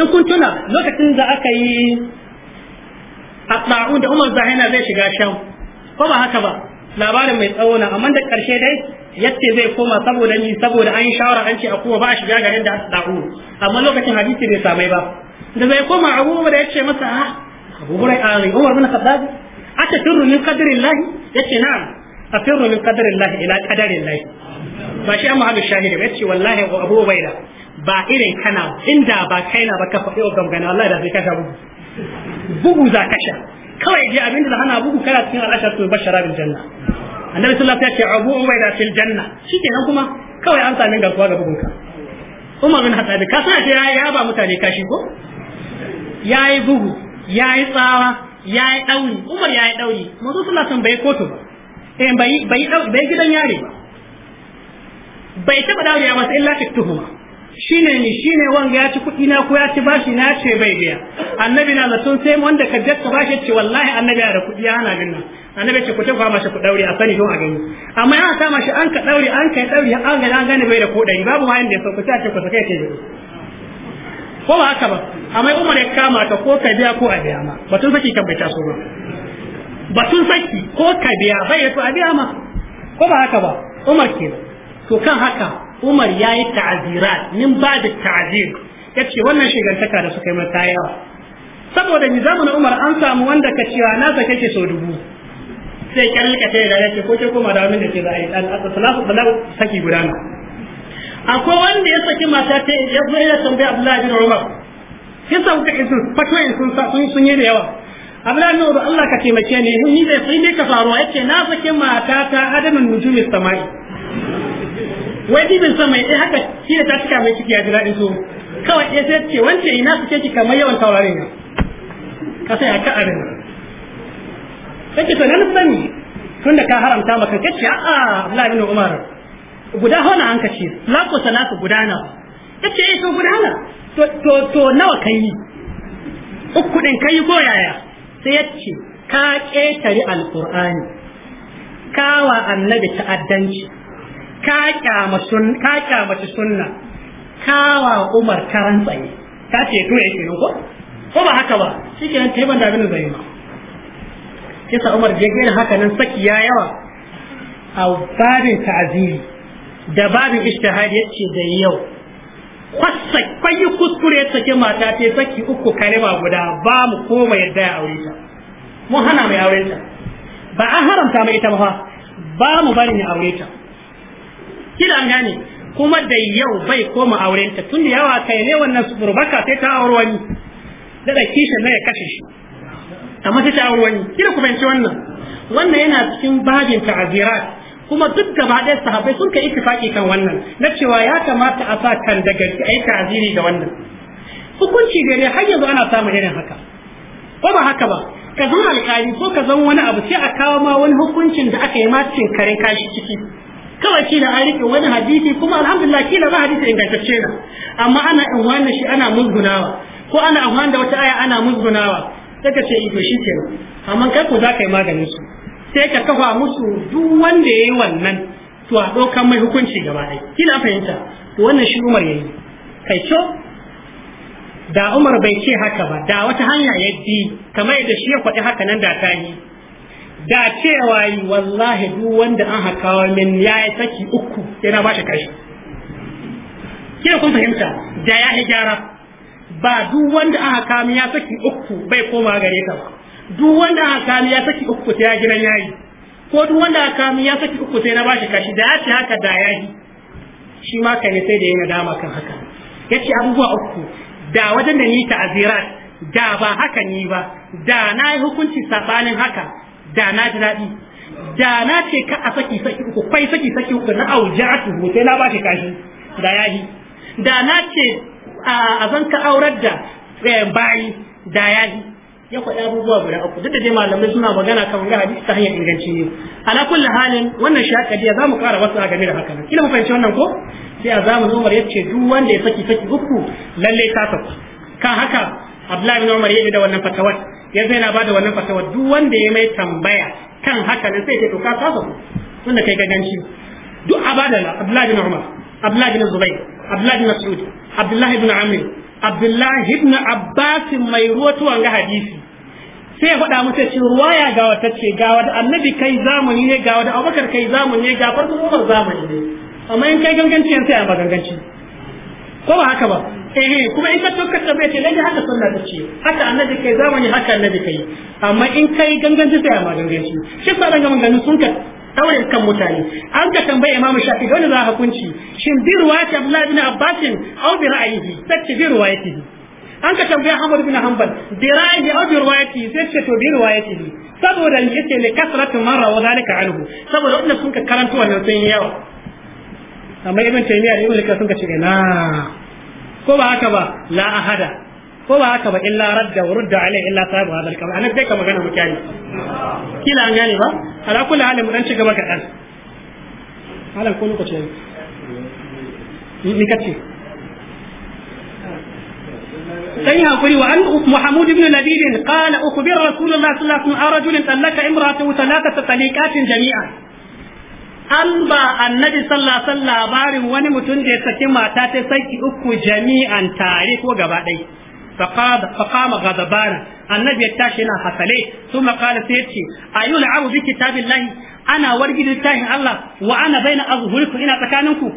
in kun tuna lokacin da aka yi Asma'un da Umar Zahina zai shiga shan ko ba haka ba labarin mai tsawo na amma da karshe dai yadda zai koma saboda ni saboda an shawara an ce a kuma ba a shiga garin da Asma'un amma lokacin hadisi bai samai ba da zai koma Abu da ya ce masa a ah, Abu Hurairah ah, Umar bin Khattab atasirru min ya ce na a asirru min qadrillahi ila qadarillahi ba shi amma hadu shahidi ba yace wallahi Abu Ubaida ba irin kana inda ba kaina ba ka faɗi wa gangana wallahi da zai ka gabu bugu za ka sha kawai je abin da hana bugu kana cikin al'ashar to bashara bil janna annabi sallallahu alaihi wasallam ya ce abu ubaida fil janna nan kuma kawai an sami garkuwa ga bugunka umar bin hatsari ka sanar ya ya ba mutane kashi ko ya yi bugu ya yi tsawa ya yi umar ya yi manzo sallallahu suna son bai koto ba eh bai gidan yare ba bai taɓa ɗauri ba masu illa fituhuma shine ni shine wanga ya ci kuɗi na ko ya ci bashi na ce bai biya annabi na sun sai wanda ka jakka bashi ce wallahi annabi ya da kuɗi ya hana min nan annabi ce ku tafa mashi ku daure a sani don a gani amma ya sa mashi an ka daure an ka daure an ga an gane bai da kodari babu wani da ya sauka ce ku sakai ce ko ba haka ba amma umar ya kama ka ko ka biya ko a biya ma batun saki kan bai taso ba batun saki ko ka biya bai ya to a biya ma ko ba haka ba umar ke to kan haka Umar ya yi ta'azira, min ba da ta'azir ya ce wannan shigantaka da suka yi mata yawa saboda ni zamanin Umar an samu wanda ka cewa na sake ke so dubu sai kyalka ta da yake ko ke koma da wani da ke za a yi dan asalafu balagu saki guda ne akwai wanda ya saki mata ta ya zo ya tambaya Abdullahi bin Umar sai sa kuka isu fatoyin sun sun sun yi da yawa Abdullahi bin Umar Allah ka taimake ni ni da sai ne ka faruwa yace na saki mata ta adamin nujumi samai wai dibin son mai eh haka shi da ta cika mai ciki ya ji daɗin so kawai eh sai ce wance ina su ke kamar yawan taurarin ne ka sai aka arin kake to nan sani tunda ka haramta maka kace a'a Allah ibn Umar guda hona an kace la ko ku gudana kace eh so gudana to to to nawa kai uku din kai ko yaya sai yace ka ketare alqur'ani kawa annabi ta'addanci ka kyamaci sunna kawa umar karan tsaye ta ce to yake nan ko ko ba haka ba shi ke nan ta yi ban da abin da zai ma kisa umar je gani haka nan saki ya yawa a babin ta'aziri da babin ishtihadi ya ce da yau kwayi kuskure ta ke mata ta saki uku kalima guda ba mu koma yadda ya aure ta mun hana mai aure ta ba an haramta mai ita ba ba mu barin ya aure ta kila gane kuma da yau bai koma aurenta tun da yawa kai ne wannan baka sai ta aure wani da da kishin na ya kashe shi amma sai ta aure wani kila ku bayyana wannan wannan yana cikin babin ta'azirat kuma duk gaba ɗaya sahabbai sun kai ittifaqi kan wannan na cewa ya kamata a sa kan da gaske ai ta'aziri ga wannan hukunci gare har yanzu ana samun irin haka ko ba haka ba ka zama alƙali ko ka zama wani abu sai a kawo ma wani hukuncin da aka yi ma cin karin kashi ciki kawai shi an rike wani hadisi kuma alhamdulillah kila ba hadisi ingantacce na amma ana in wannan shi ana musgunawa ko ana amfani da wata aya ana musgunawa sai ka ce ido shi kenan amma kai ko za ka yi maganin su sai ka kafa musu duk wanda ya yi wannan to a ɗaukan mai hukunci gaba ɗaya kila fahimta to wannan shi umar ya yi kai co da umar bai ce haka ba da wata hanya ya bi kamar yadda shi ya faɗi haka nan da ta yi da cewa yi wallahi duk wanda an hakawa min ya yi saki uku sai na bashi kashi ke kun fahimta da ya yi gyara ba duk wanda an hakawa min ya saki uku bai koma gare ta ba duk wanda an hakawa min ya saki uku sai ya gidan yayi ko duk wanda aka min ya saki uku sai na bashi kashi da ya ce haka da ya yi shi ma kai sai da ya dama kan haka yace abubuwa uku da wajen da ni azirat da ba haka ni ba da na yi hukunci sabanin haka da na ji daɗi da na ce ka a saki saki uku kwai saki saki uku na auja'atu sai na ba shi kashi da yahi da na ce a zan ka aurar da eh, bayi da yahi ya kwaɗi abubuwa guda uku duk da dai malamai suna magana kan wani hadisi ta hanyar inganci ne ala kulli halin wannan shakadiya za mu ƙara wasu a game da haka nan kila mu fahimci wannan ko sai a zamu Umar ya ce duk wanda ya saki saki uku lallai ta saku kan haka Abdullahi bin Umar ya yi da wannan fatawar ya zai na da wannan fasawa duk wanda ya mai tambaya kan haka ne sai ke to ka kasa tunda kai ka ganci duk abada Abdullahi bin Umar Abdullahi bin Zubair Abdullahi bin Mas'ud Abdullahi bin Amr Abdullahi bin Abbas mai ruwatuwan ga hadisi sai ya faɗa musu cin ruwaya ga wata ce ga wata annabi kai zamani ne ga wata abubakar kai zamani ne ga farko umar zamani ne amma in kai ganganci yan sai ba ganganci, ko ba haka ba eh kuma in ka tukka ta bai ce lalle haka sallah ta ce haka annabi kai zamani haka annabi kai amma in kai ganganci sai ma ganganci shi ba zan ga ganin sun ka daure kan mutane an ka tambayi imamu shafi dole za a hukunci shin bi ruwayati abdullah ibn abbas aw bi ra'yihi sai bi ruwayatihi an ka tambaye ahmad ibn hanbal bi ra'yihi aw bi ruwayatihi sai ce to bi ruwayatihi saboda yace ne kasratu marra wa zalika anhu saboda wannan sun ka karanta wannan sun yawa amma ibn taymiya da ibn kasim ka ce na ko ba haka ba la ahada ko ba haka ba illa radda wa rudda alai illa sahibu hadal kalam anan sai ka magana mu kyani kila an gane ba ala kulli halin mu dan ci gaba kadan halan ko lokaci ne ni kace sai hakuri wa an Muhammad ibn Labib qala ukhbir Rasulullah sallallahu alaihi wasallam arajulin tallaka imra'atahu thalathata taliqatin jami'an an ba annabi sallallahu alaihi labarin wani mutum da ya saki mata ta saki uku jami'an tare ko gaba ɗaya faqama ghadabana annabi ya tashi yana hasale thumma qala sai yace ayul abu bi kitabillahi ana wargi littafin Allah wa ana baina azhurikum ina tsakaninku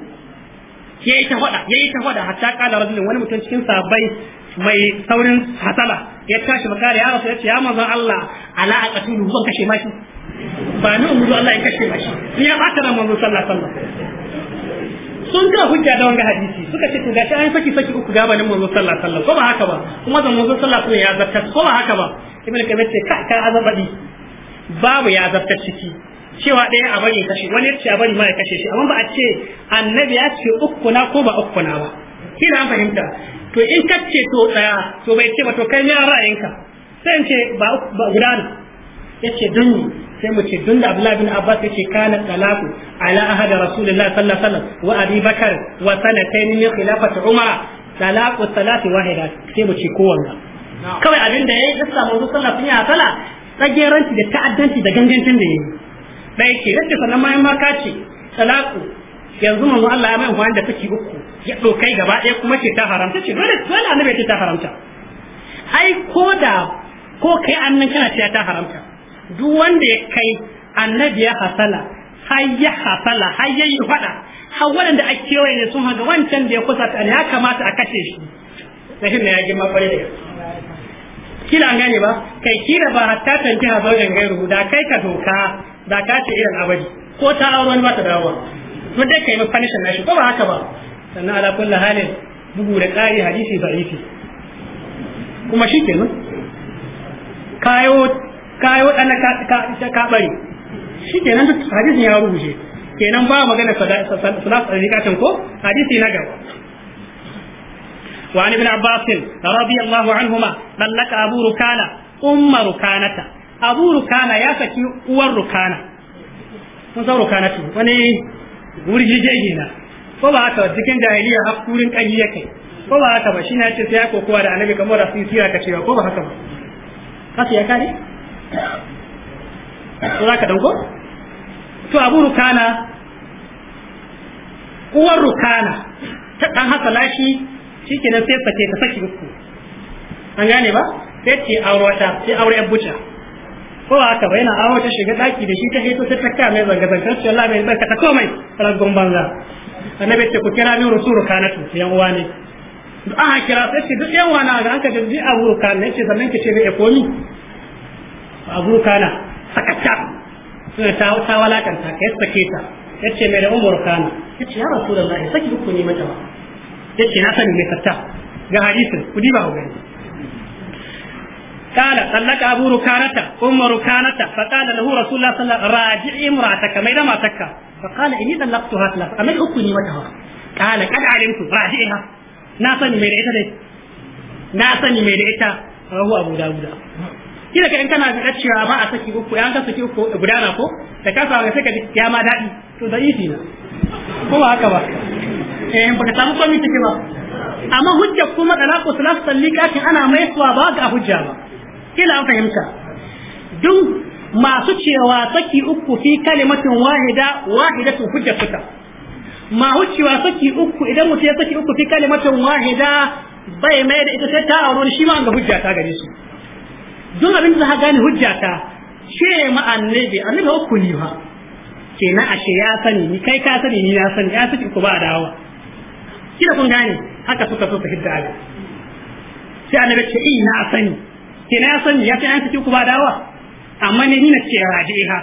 yayi ta fada yayi ta fada hatta qala rajulun wani mutum cikin sabai mai saurin hasala ya tashi makare ya rasu yace ya manzon Allah ala aqatulu zan kashe mashi ba ni umuru Allah ya kashe mashi Ni ya bata nan manzo sallallahu alaihi wasallam sun ga hujja da wanga hadisi suka ce to gashi an saki saki uku nan manzo sallallahu alaihi wasallam ko ba haka ba kuma da manzo sallallahu alaihi wasallam ya zartar ko ba haka ba ibnu kabir ce ka ka azabadi babu ya zartar ciki cewa ɗaya a bari kashe wani ya ce a bari ma ya kashe shi amma ba a ce annabi ya ce uku na ko ba uku na ba kina an fahimta to in ka ce to ɗaya to bai ce ba to kai ne ra'ayinka sai in ce ba guda ne ya ce don sai mu ce da Abdullahi bin Abbas yace kana talaku ala ahad Rasulullahi sallallahu alaihi wasallam wa Abi Bakar wa sanatayn min khilafati Umar talaku salati wahida sai mu ce kowanne kawai abin da yayi dukkan manzo sallallahu alaihi wasallam tsageranci da ta'addanci da gangancin da yayi dai ke da sannan mai ma kace talaku yanzu manzo Allah ya mai wani da kake uku ya dokai gaba ɗaya kuma ce ta haramta ce dole dole annabi ce ta haramta ai ko da ko kai annan kana ce ta haramta duk wanda ya kai annabi ya hasala har ya hasala har ya yi faɗa har waɗanda a kewaye ne sun haga wancan da ya kusa ta ya kamata a kashe shi rashin ne ya girma kwarai da kila an gane ba kai kila ba hatta tanti ha zaujen gairu da kai ka doka da ka ce irin abadi ko ta auro wani ba ta dawowa duk dai kai mai punishment na shi ko ba haka ba sannan ala kulli halin bugu da kari hadisi da'ifi kuma shi kenan kayo ka yi waɗannan ka bari shi kenan duk hadisin ya rubuce kenan ba magana salatu rikatin ko hadisi na gaba وعن ابن عباس رضي الله عنهما طلق abu rukana umma rukanata, abu rukana يا سكي uwar rukana. Mun san rukanatu wani wurjije na ko ba haka cikin jahiliya hakurin kurin kanyi yake ko ba haka ba shi na ce sai ya kokowa da annabi kamar da sun sira ka ko ba haka ba kasu ya kare to za ka dauko to abu rukana uwar rukana ta ɗan haka lashi shi ke nan sai fate ta saki uku an gane ba sai ce aure wata sai aure yan buca ko haka ba yana aure ta shiga ɗaki da shi ta hito ta takka mai zanga sai shi Allah mai barka ta komai ragon banza annabi ce ku kira min rusu rukana to yan uwa ne an kira sai ce duk yan uwa na ga an ka ji abu rukana ne ce zaman ki ce mai komi a abokana sakacca suna ta ta walakanta ka sake ta yace mai da umur kana yace ya rasu da Allah sai duk kuni mata yace na sani mai sakka ga hadisi ku diba ku gani kana sallaka abu rukanata umur kanata fa kana lahu rasulullah sallallahu alaihi wasallam raji imrataka mai da matakka fa kana inni dallaqtuha la fa mai hukuni mata kana kada alimtu raji'iha na sani mai da ita dai na sani mai da ita rahu abu dawuda kila ka in kana da cewa ba a saki uku ya ka saki uku gudana ko da ka fara sai ka ji ya ma daɗi to da yi na ko ba haka ba eh ka samu komai take ba amma hujja kuma dalaqu salat sallika kin ana mai suwa ba ga hujja ba kila an fahimta duk masu cewa saki uku fi kalimatin wahida wahidatu hujjatuka ma hucewa saki uku idan mutum ya saki uku fi kalimatin wahida bai mai da ita sai ta aure shi ma an ga hujja ta gare su don abin da za gane hujjata ce ma annabi annabi hukku ne ba na ashe ya sani ni kai ka sani ni ya sani ya sani ku ba dawo kina kun gane haka suka so su hidda abin sai annabi ce in eh, na sani ke ya sani ya sani ya sani ku ba dawo amma ne ni na ce rajiha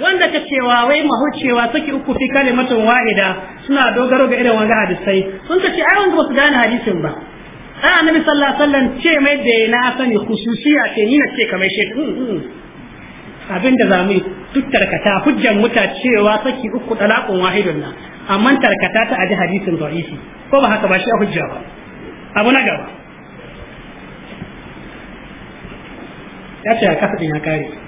wanda ka cewa wai mahaucewa saki uku fi kalimatun wahida suna dogaro ga irin wanga hadisai sun ka ce ai wanda ba su gane hadisin ba ai annabi sallallahu alaihi wasallam ce mai da na sani khususiya ce ni na ce kamar shi abin da zamu yi duk tarkata hujjan muta cewa saki uku talaqun wahidun na amma tarkata ta aji hadisin da'ifi ko ba haka ba shi a hujja ba abu na gaba ya ce a kasa ya kare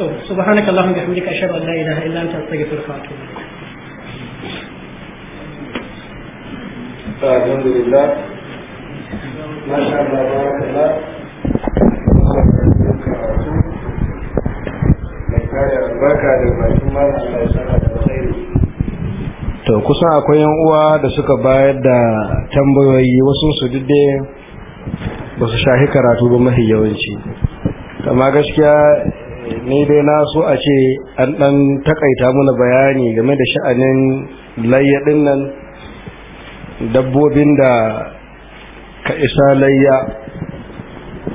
سبحانك اللهم وبحمدك اشهد ان لا اله الا انت استغفرك واتوب اليك فالحمد لله ما شاء الله الله to kusan akwai yan uwa da suka bayar da tambayoyi wasu su dide ba su shahi karatu ba mafi yawanci amma gaskiya ni dai na so a ce an ɗan takaita mana bayani game da sha'anin layyadin nan dabbobin da ka isa layya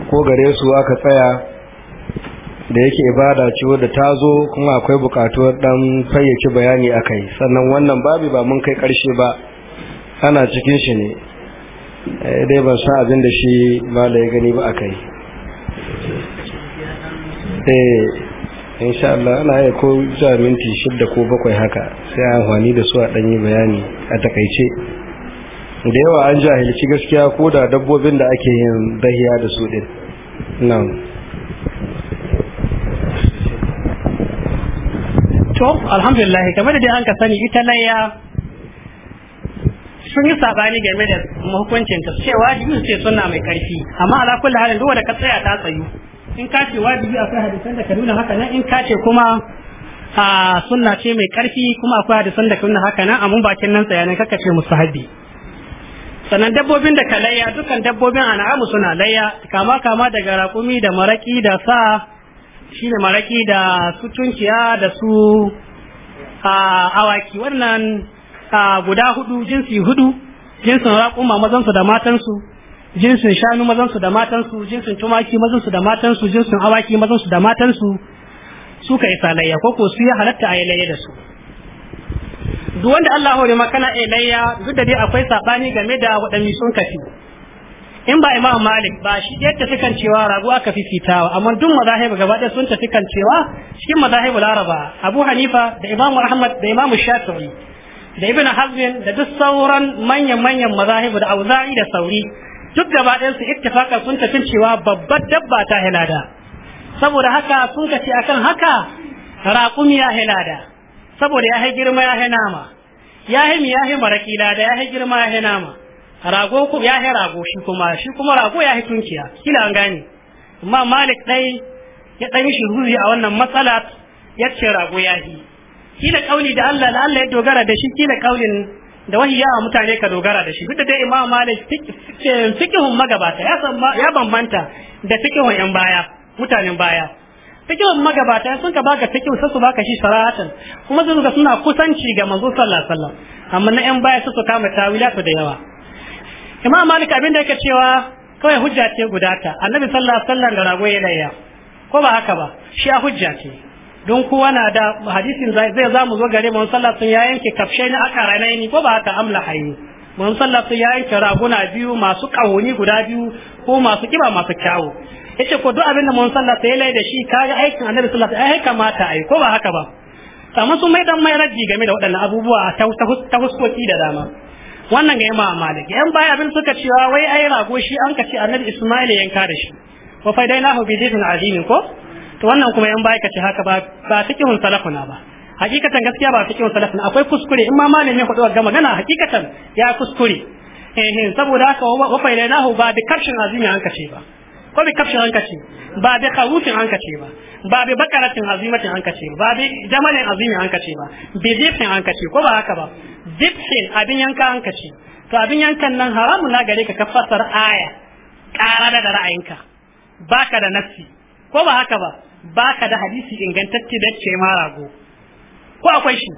ko gare su aka tsaya da yake ibada ce da ta zo kuma akwai bukatuwar dan fayyace bayani a kai sannan wannan babu ba mun kai karshe ba ana cikin shi ne eh, dai ban sa abin da shi mala ya gani ba a kai eh insha Allah ana yi ko zuwa minti shidda ko bakwai haka sai a amfani da su a ɗanyi bayani a takaice da yawa an jahilci gaskiya ko da dabbobin da ake yin dahiya da su din na'am to alhamdulillah kamar da dai an ka sani ita laya sun yi sabani game da mahukuncin ta cewa jibi ce suna mai karfi amma ala kulli halin duk wanda ka tsaya ta tsayu in ka ce wajibi akwai hadisan da ka nuna haka nan in ka ce kuma a sunna ce mai karfi kuma akwai hadisan da ka nuna haka nan amma bakin nan tsayanin kaka ce mustahabi sannan dabbobin da ka layya dukkan dabbobin an'amu suna layya kama kama daga raƙumi da maraki da sa shi ne maraki da su tunkiya da su awaki wannan guda hudu jinsi hudu jinsin raƙuma mazansu da matansu jinsin shanu mazansu da matansu jinsin tumaki mazansu da matansu jinsin awaki mazansu da matansu suka isa layya ko ko su ya halatta a yi layya da su duk wanda Allah hore makana na ilayya duk da dai akwai sabani game da waɗanne sun kafi in ba Imam Malik ba shi yadda sukan cewa rago aka fifitawa amma duk mazahib gaba ɗaya sun tafi kan cewa cikin mazahibul Laraba Abu Hanifa da Imam Ahmad da Imam Shafi'i da Ibn Hazm da duk sauran manyan manyan mazahibu da Auza'i da Sauri duk gaba ɗayan su sun tafi cewa babbar dabba ta hilada saboda haka sun kace akan haka raƙumi ya hilada saboda ya hai girma ya hai nama ya yi mi ya yi marakila da ya yi girma ya yi nama rago ya yi rago shi kuma shi kuma rago ya yi tunkiya kila an gane amma malik dai ya dan shi ruzi a wannan matsala ya ce rago ya yi kila kauli da Allah da Allah ya dogara da shi kila kaulin da wahi ya mutane ka dogara da shi duk da dai imam malik fikihun magabata ya ya bambanta da fikihun yan baya mutanen baya fikihun magabata sun ka baka fikihun sai su baka shi saratan kuma sun ga suna kusanci ga manzo sallallahu alaihi wasallam amma na yan baya su su kama tawilatu da yawa imam malik abin da yake cewa kawai hujja ce guda ta annabi sallallahu alaihi wasallam da rago ya layya ko ba haka ba shi a hujja ce don kowa na da hadisin zai za mu zo gare mu sallallahu alaihi ya yanke kafshe na akara na ni ko ba haka amla hayi mun sallallahu ya yanke raguna biyu masu kahoni guda biyu ko masu kiba masu kyawu yace ko duk abin da mun sallah sai lai da shi kaga aikin annabi sallallahu alaihi wasallam ai kamata ai ko ba haka ba amma sun mai dan mai raji game da waɗannan abubuwa a ta huskoki da dama wannan ga imam malik yan bai abin suka cewa ah, wai ai rago shi an kace annabi isma'il yanka da shi wa faidainahu bi dhikrin azimin ko to wannan kuma yan baya kace haka ba ba hun salafuna ba hakikatan gaskiya ba fikihun salafuna akwai kuskure in ma malami ya faɗi ga magana hakikatan ya kuskure eh saboda haka wa faidainahu ba bi azimin an kace ba ko bi kafshin hankaci ba bi kharufin hankaci ba ba bi bakaratin azimatin hankaci ba bi jamalin azimin hankaci ba bi zifin hankaci ko ba haka ba zifin abin yanka hankaci to abin yankan nan haramun na gare ka kafasar aya ƙara da ra'ayinka baka da nafsi ko ba haka ba baka da hadisi ingantacce da ce ma rago ko akwai shi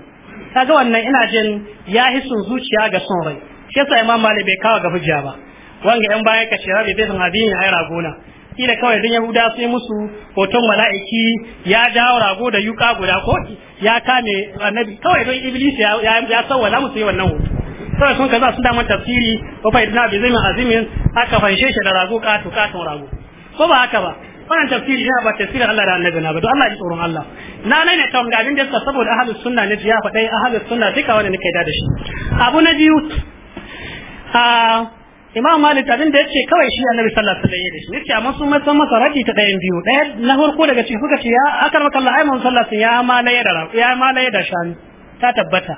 kaga wannan ina jin ya hisun zuciya ga son rai shi yasa imam malik bai kawo ga hujja ba wanga yan baya ka shira bai san abin ya ya gona kila kawai dan yahuda sai musu hoton mala'iki ya dawo rago da yuka guda ko ya kame annabi kawai don iblis ya ya sawwala musu wannan hoto sai sun kaza su da man tafsiri ko fa ibn abi zaimin azimin aka fanshe shi da rago ka to rago ko ba haka ba wannan tafsiri ya ba tafsiri Allah da annabi na ba don Allah ya tsoron Allah na nane ta wanga abin da suka saboda ahlus sunna ne ya faɗa ahlus sunna duka wanda nake da shi abu na biyu a imam malik abin da yace kawai shi annabi sallallahu alaihi wasallam yace yace amma sun san masa rabi ta dayan biyu daya na farko daga cikin suka ce ya akar maka Allah ayyuhan sallallahu ya ma da yada ya ma la yada shani ta tabbata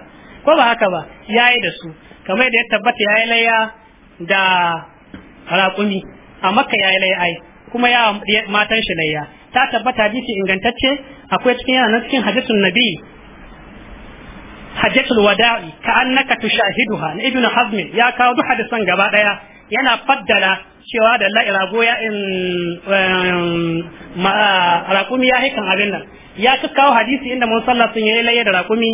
ko ba haka ba yayi da su kamar da ya tabbata yayi laya da raƙumi a makka yayi laya ai kuma ya matan shi laya ta tabbata hadisi ingantacce akwai cikin yana cikin hadisin nabi hajjatul wada'i ka annaka tushahiduha na ibn hazm ya kawo duk hadisan gaba daya yana faddala cewa da la ya in raqumi ya hikan abin nan ya ka kawo hadisi inda mun sallah sun yi layya da raqumi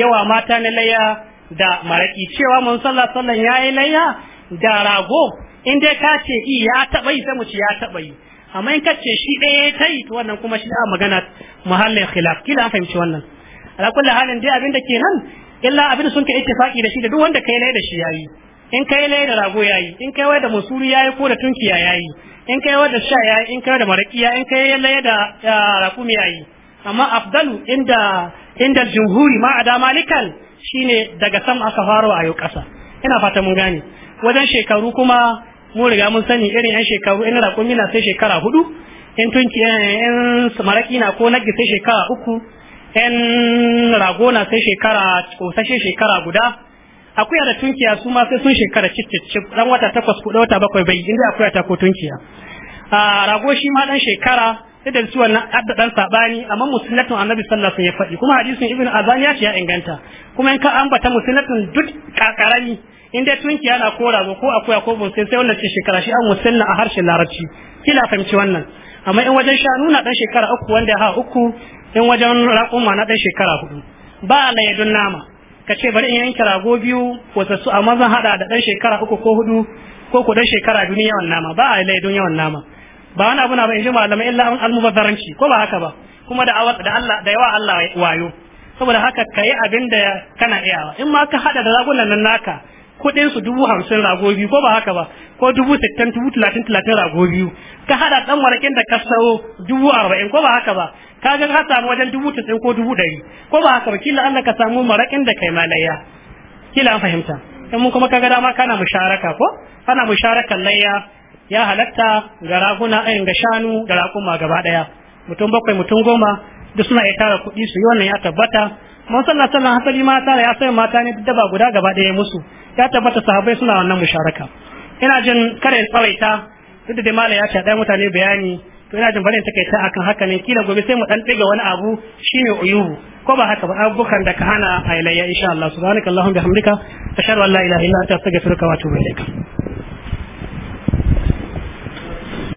yawa mata na layya da maraki cewa mun sallah sallan yayi layya da rago in dai ka ce i ya taba yi sai mu ci ya taba yi amma in ka ce shi ɗaya ya ta yi to wannan kuma shi a magana muhallin khilaf kila an fahimci wannan ala kulli halin dai abin da kenan illa abin sun ka ittifaki da shi da duk wanda kai lai da shi yayi in kai lai da rago yayi in kai wai da musuru yayi ko da tunkiya yayi in kai wai da sha yayi in kai da marakiya in kai lai da rakumi yayi amma afdalu inda inda jumhuri ma ada malikal shine daga sam aka faro a yau kasa ina fata mun gane wajen shekaru kuma mu riga mun sani irin yan shekaru in rakumi na sai shekara hudu in tunki in maraki na ko nagi sai shekara uku yan na sai shekara ƙosashen shekara guda akuya da tunkiya su ma sai sun shekara cicicip dan wata takwas ko wata bakwai bai inda akuya ta ko tunkiya a rago shi ma dan shekara sai da su wannan adda dan sabani amma musnadun annabi sallallahu alaihi wasallam ya faɗi kuma hadisin ibn azan ya ce ya inganta kuma in ka ambata musnadun duk ƙaƙarani, in dai tunkiya na ko rago ko akuya ko bunsin sai wannan ce shekara shi an musanna a harshen larabci kila fahimci wannan amma in wajen shanu na dan shekara uku wanda ya ha uku in wajen raƙuma na ɗan shekara hudu ba layadun nama ka ce bari in yanke rago biyu wasassu amma zan haɗa da ɗan shekara uku ko hudu ko ku ɗan shekara biyu yawan nama ba a layadun yawan nama ba wani abu na ba in ji malamai illa an almubazzaranci ko ba haka ba kuma da awar da Allah da yawa Allah wayo saboda haka kai abin da kana iyawa in ma ka haɗa da ragunan nan naka kuɗin su dubu hamsin rago biyu ko ba haka ba ko dubu sittin dubu talatin talatin rago biyu ka haɗa ɗan warakin da ka sayo dubu arba'in ko ba haka ba ka ga ka samu wajen dubu ta ko dubu ɗari ko ba haka ba kila Allah ka samu maraƙin da kai malayya kila an fahimta in mun kuma kaga dama kana musharaka ko ana musharakan layya ya halatta ga raguna ayin ga shanu ga raƙuma gaba ɗaya mutum bakwai mutum goma duk suna iya tara kuɗi su yi wannan ya tabbata mun sallah sallan hasali mata ya sai mata ne duk daba guda gaba ɗaya musu ya tabbata sahabbai suna wannan musharaka ina jin kare tsawaita duk da mala ya ce ɗaya mutane bayani to ina jin barin take ta akan haka ne kila gobe sai mu dan ga wani abu shine uyubu ko ba haka ba abukan da ka hana a ilayya insha Allah subhanakallahumma bihamdika ashhadu an la ilaha illa anta astaghfiruka wa atubu ilaik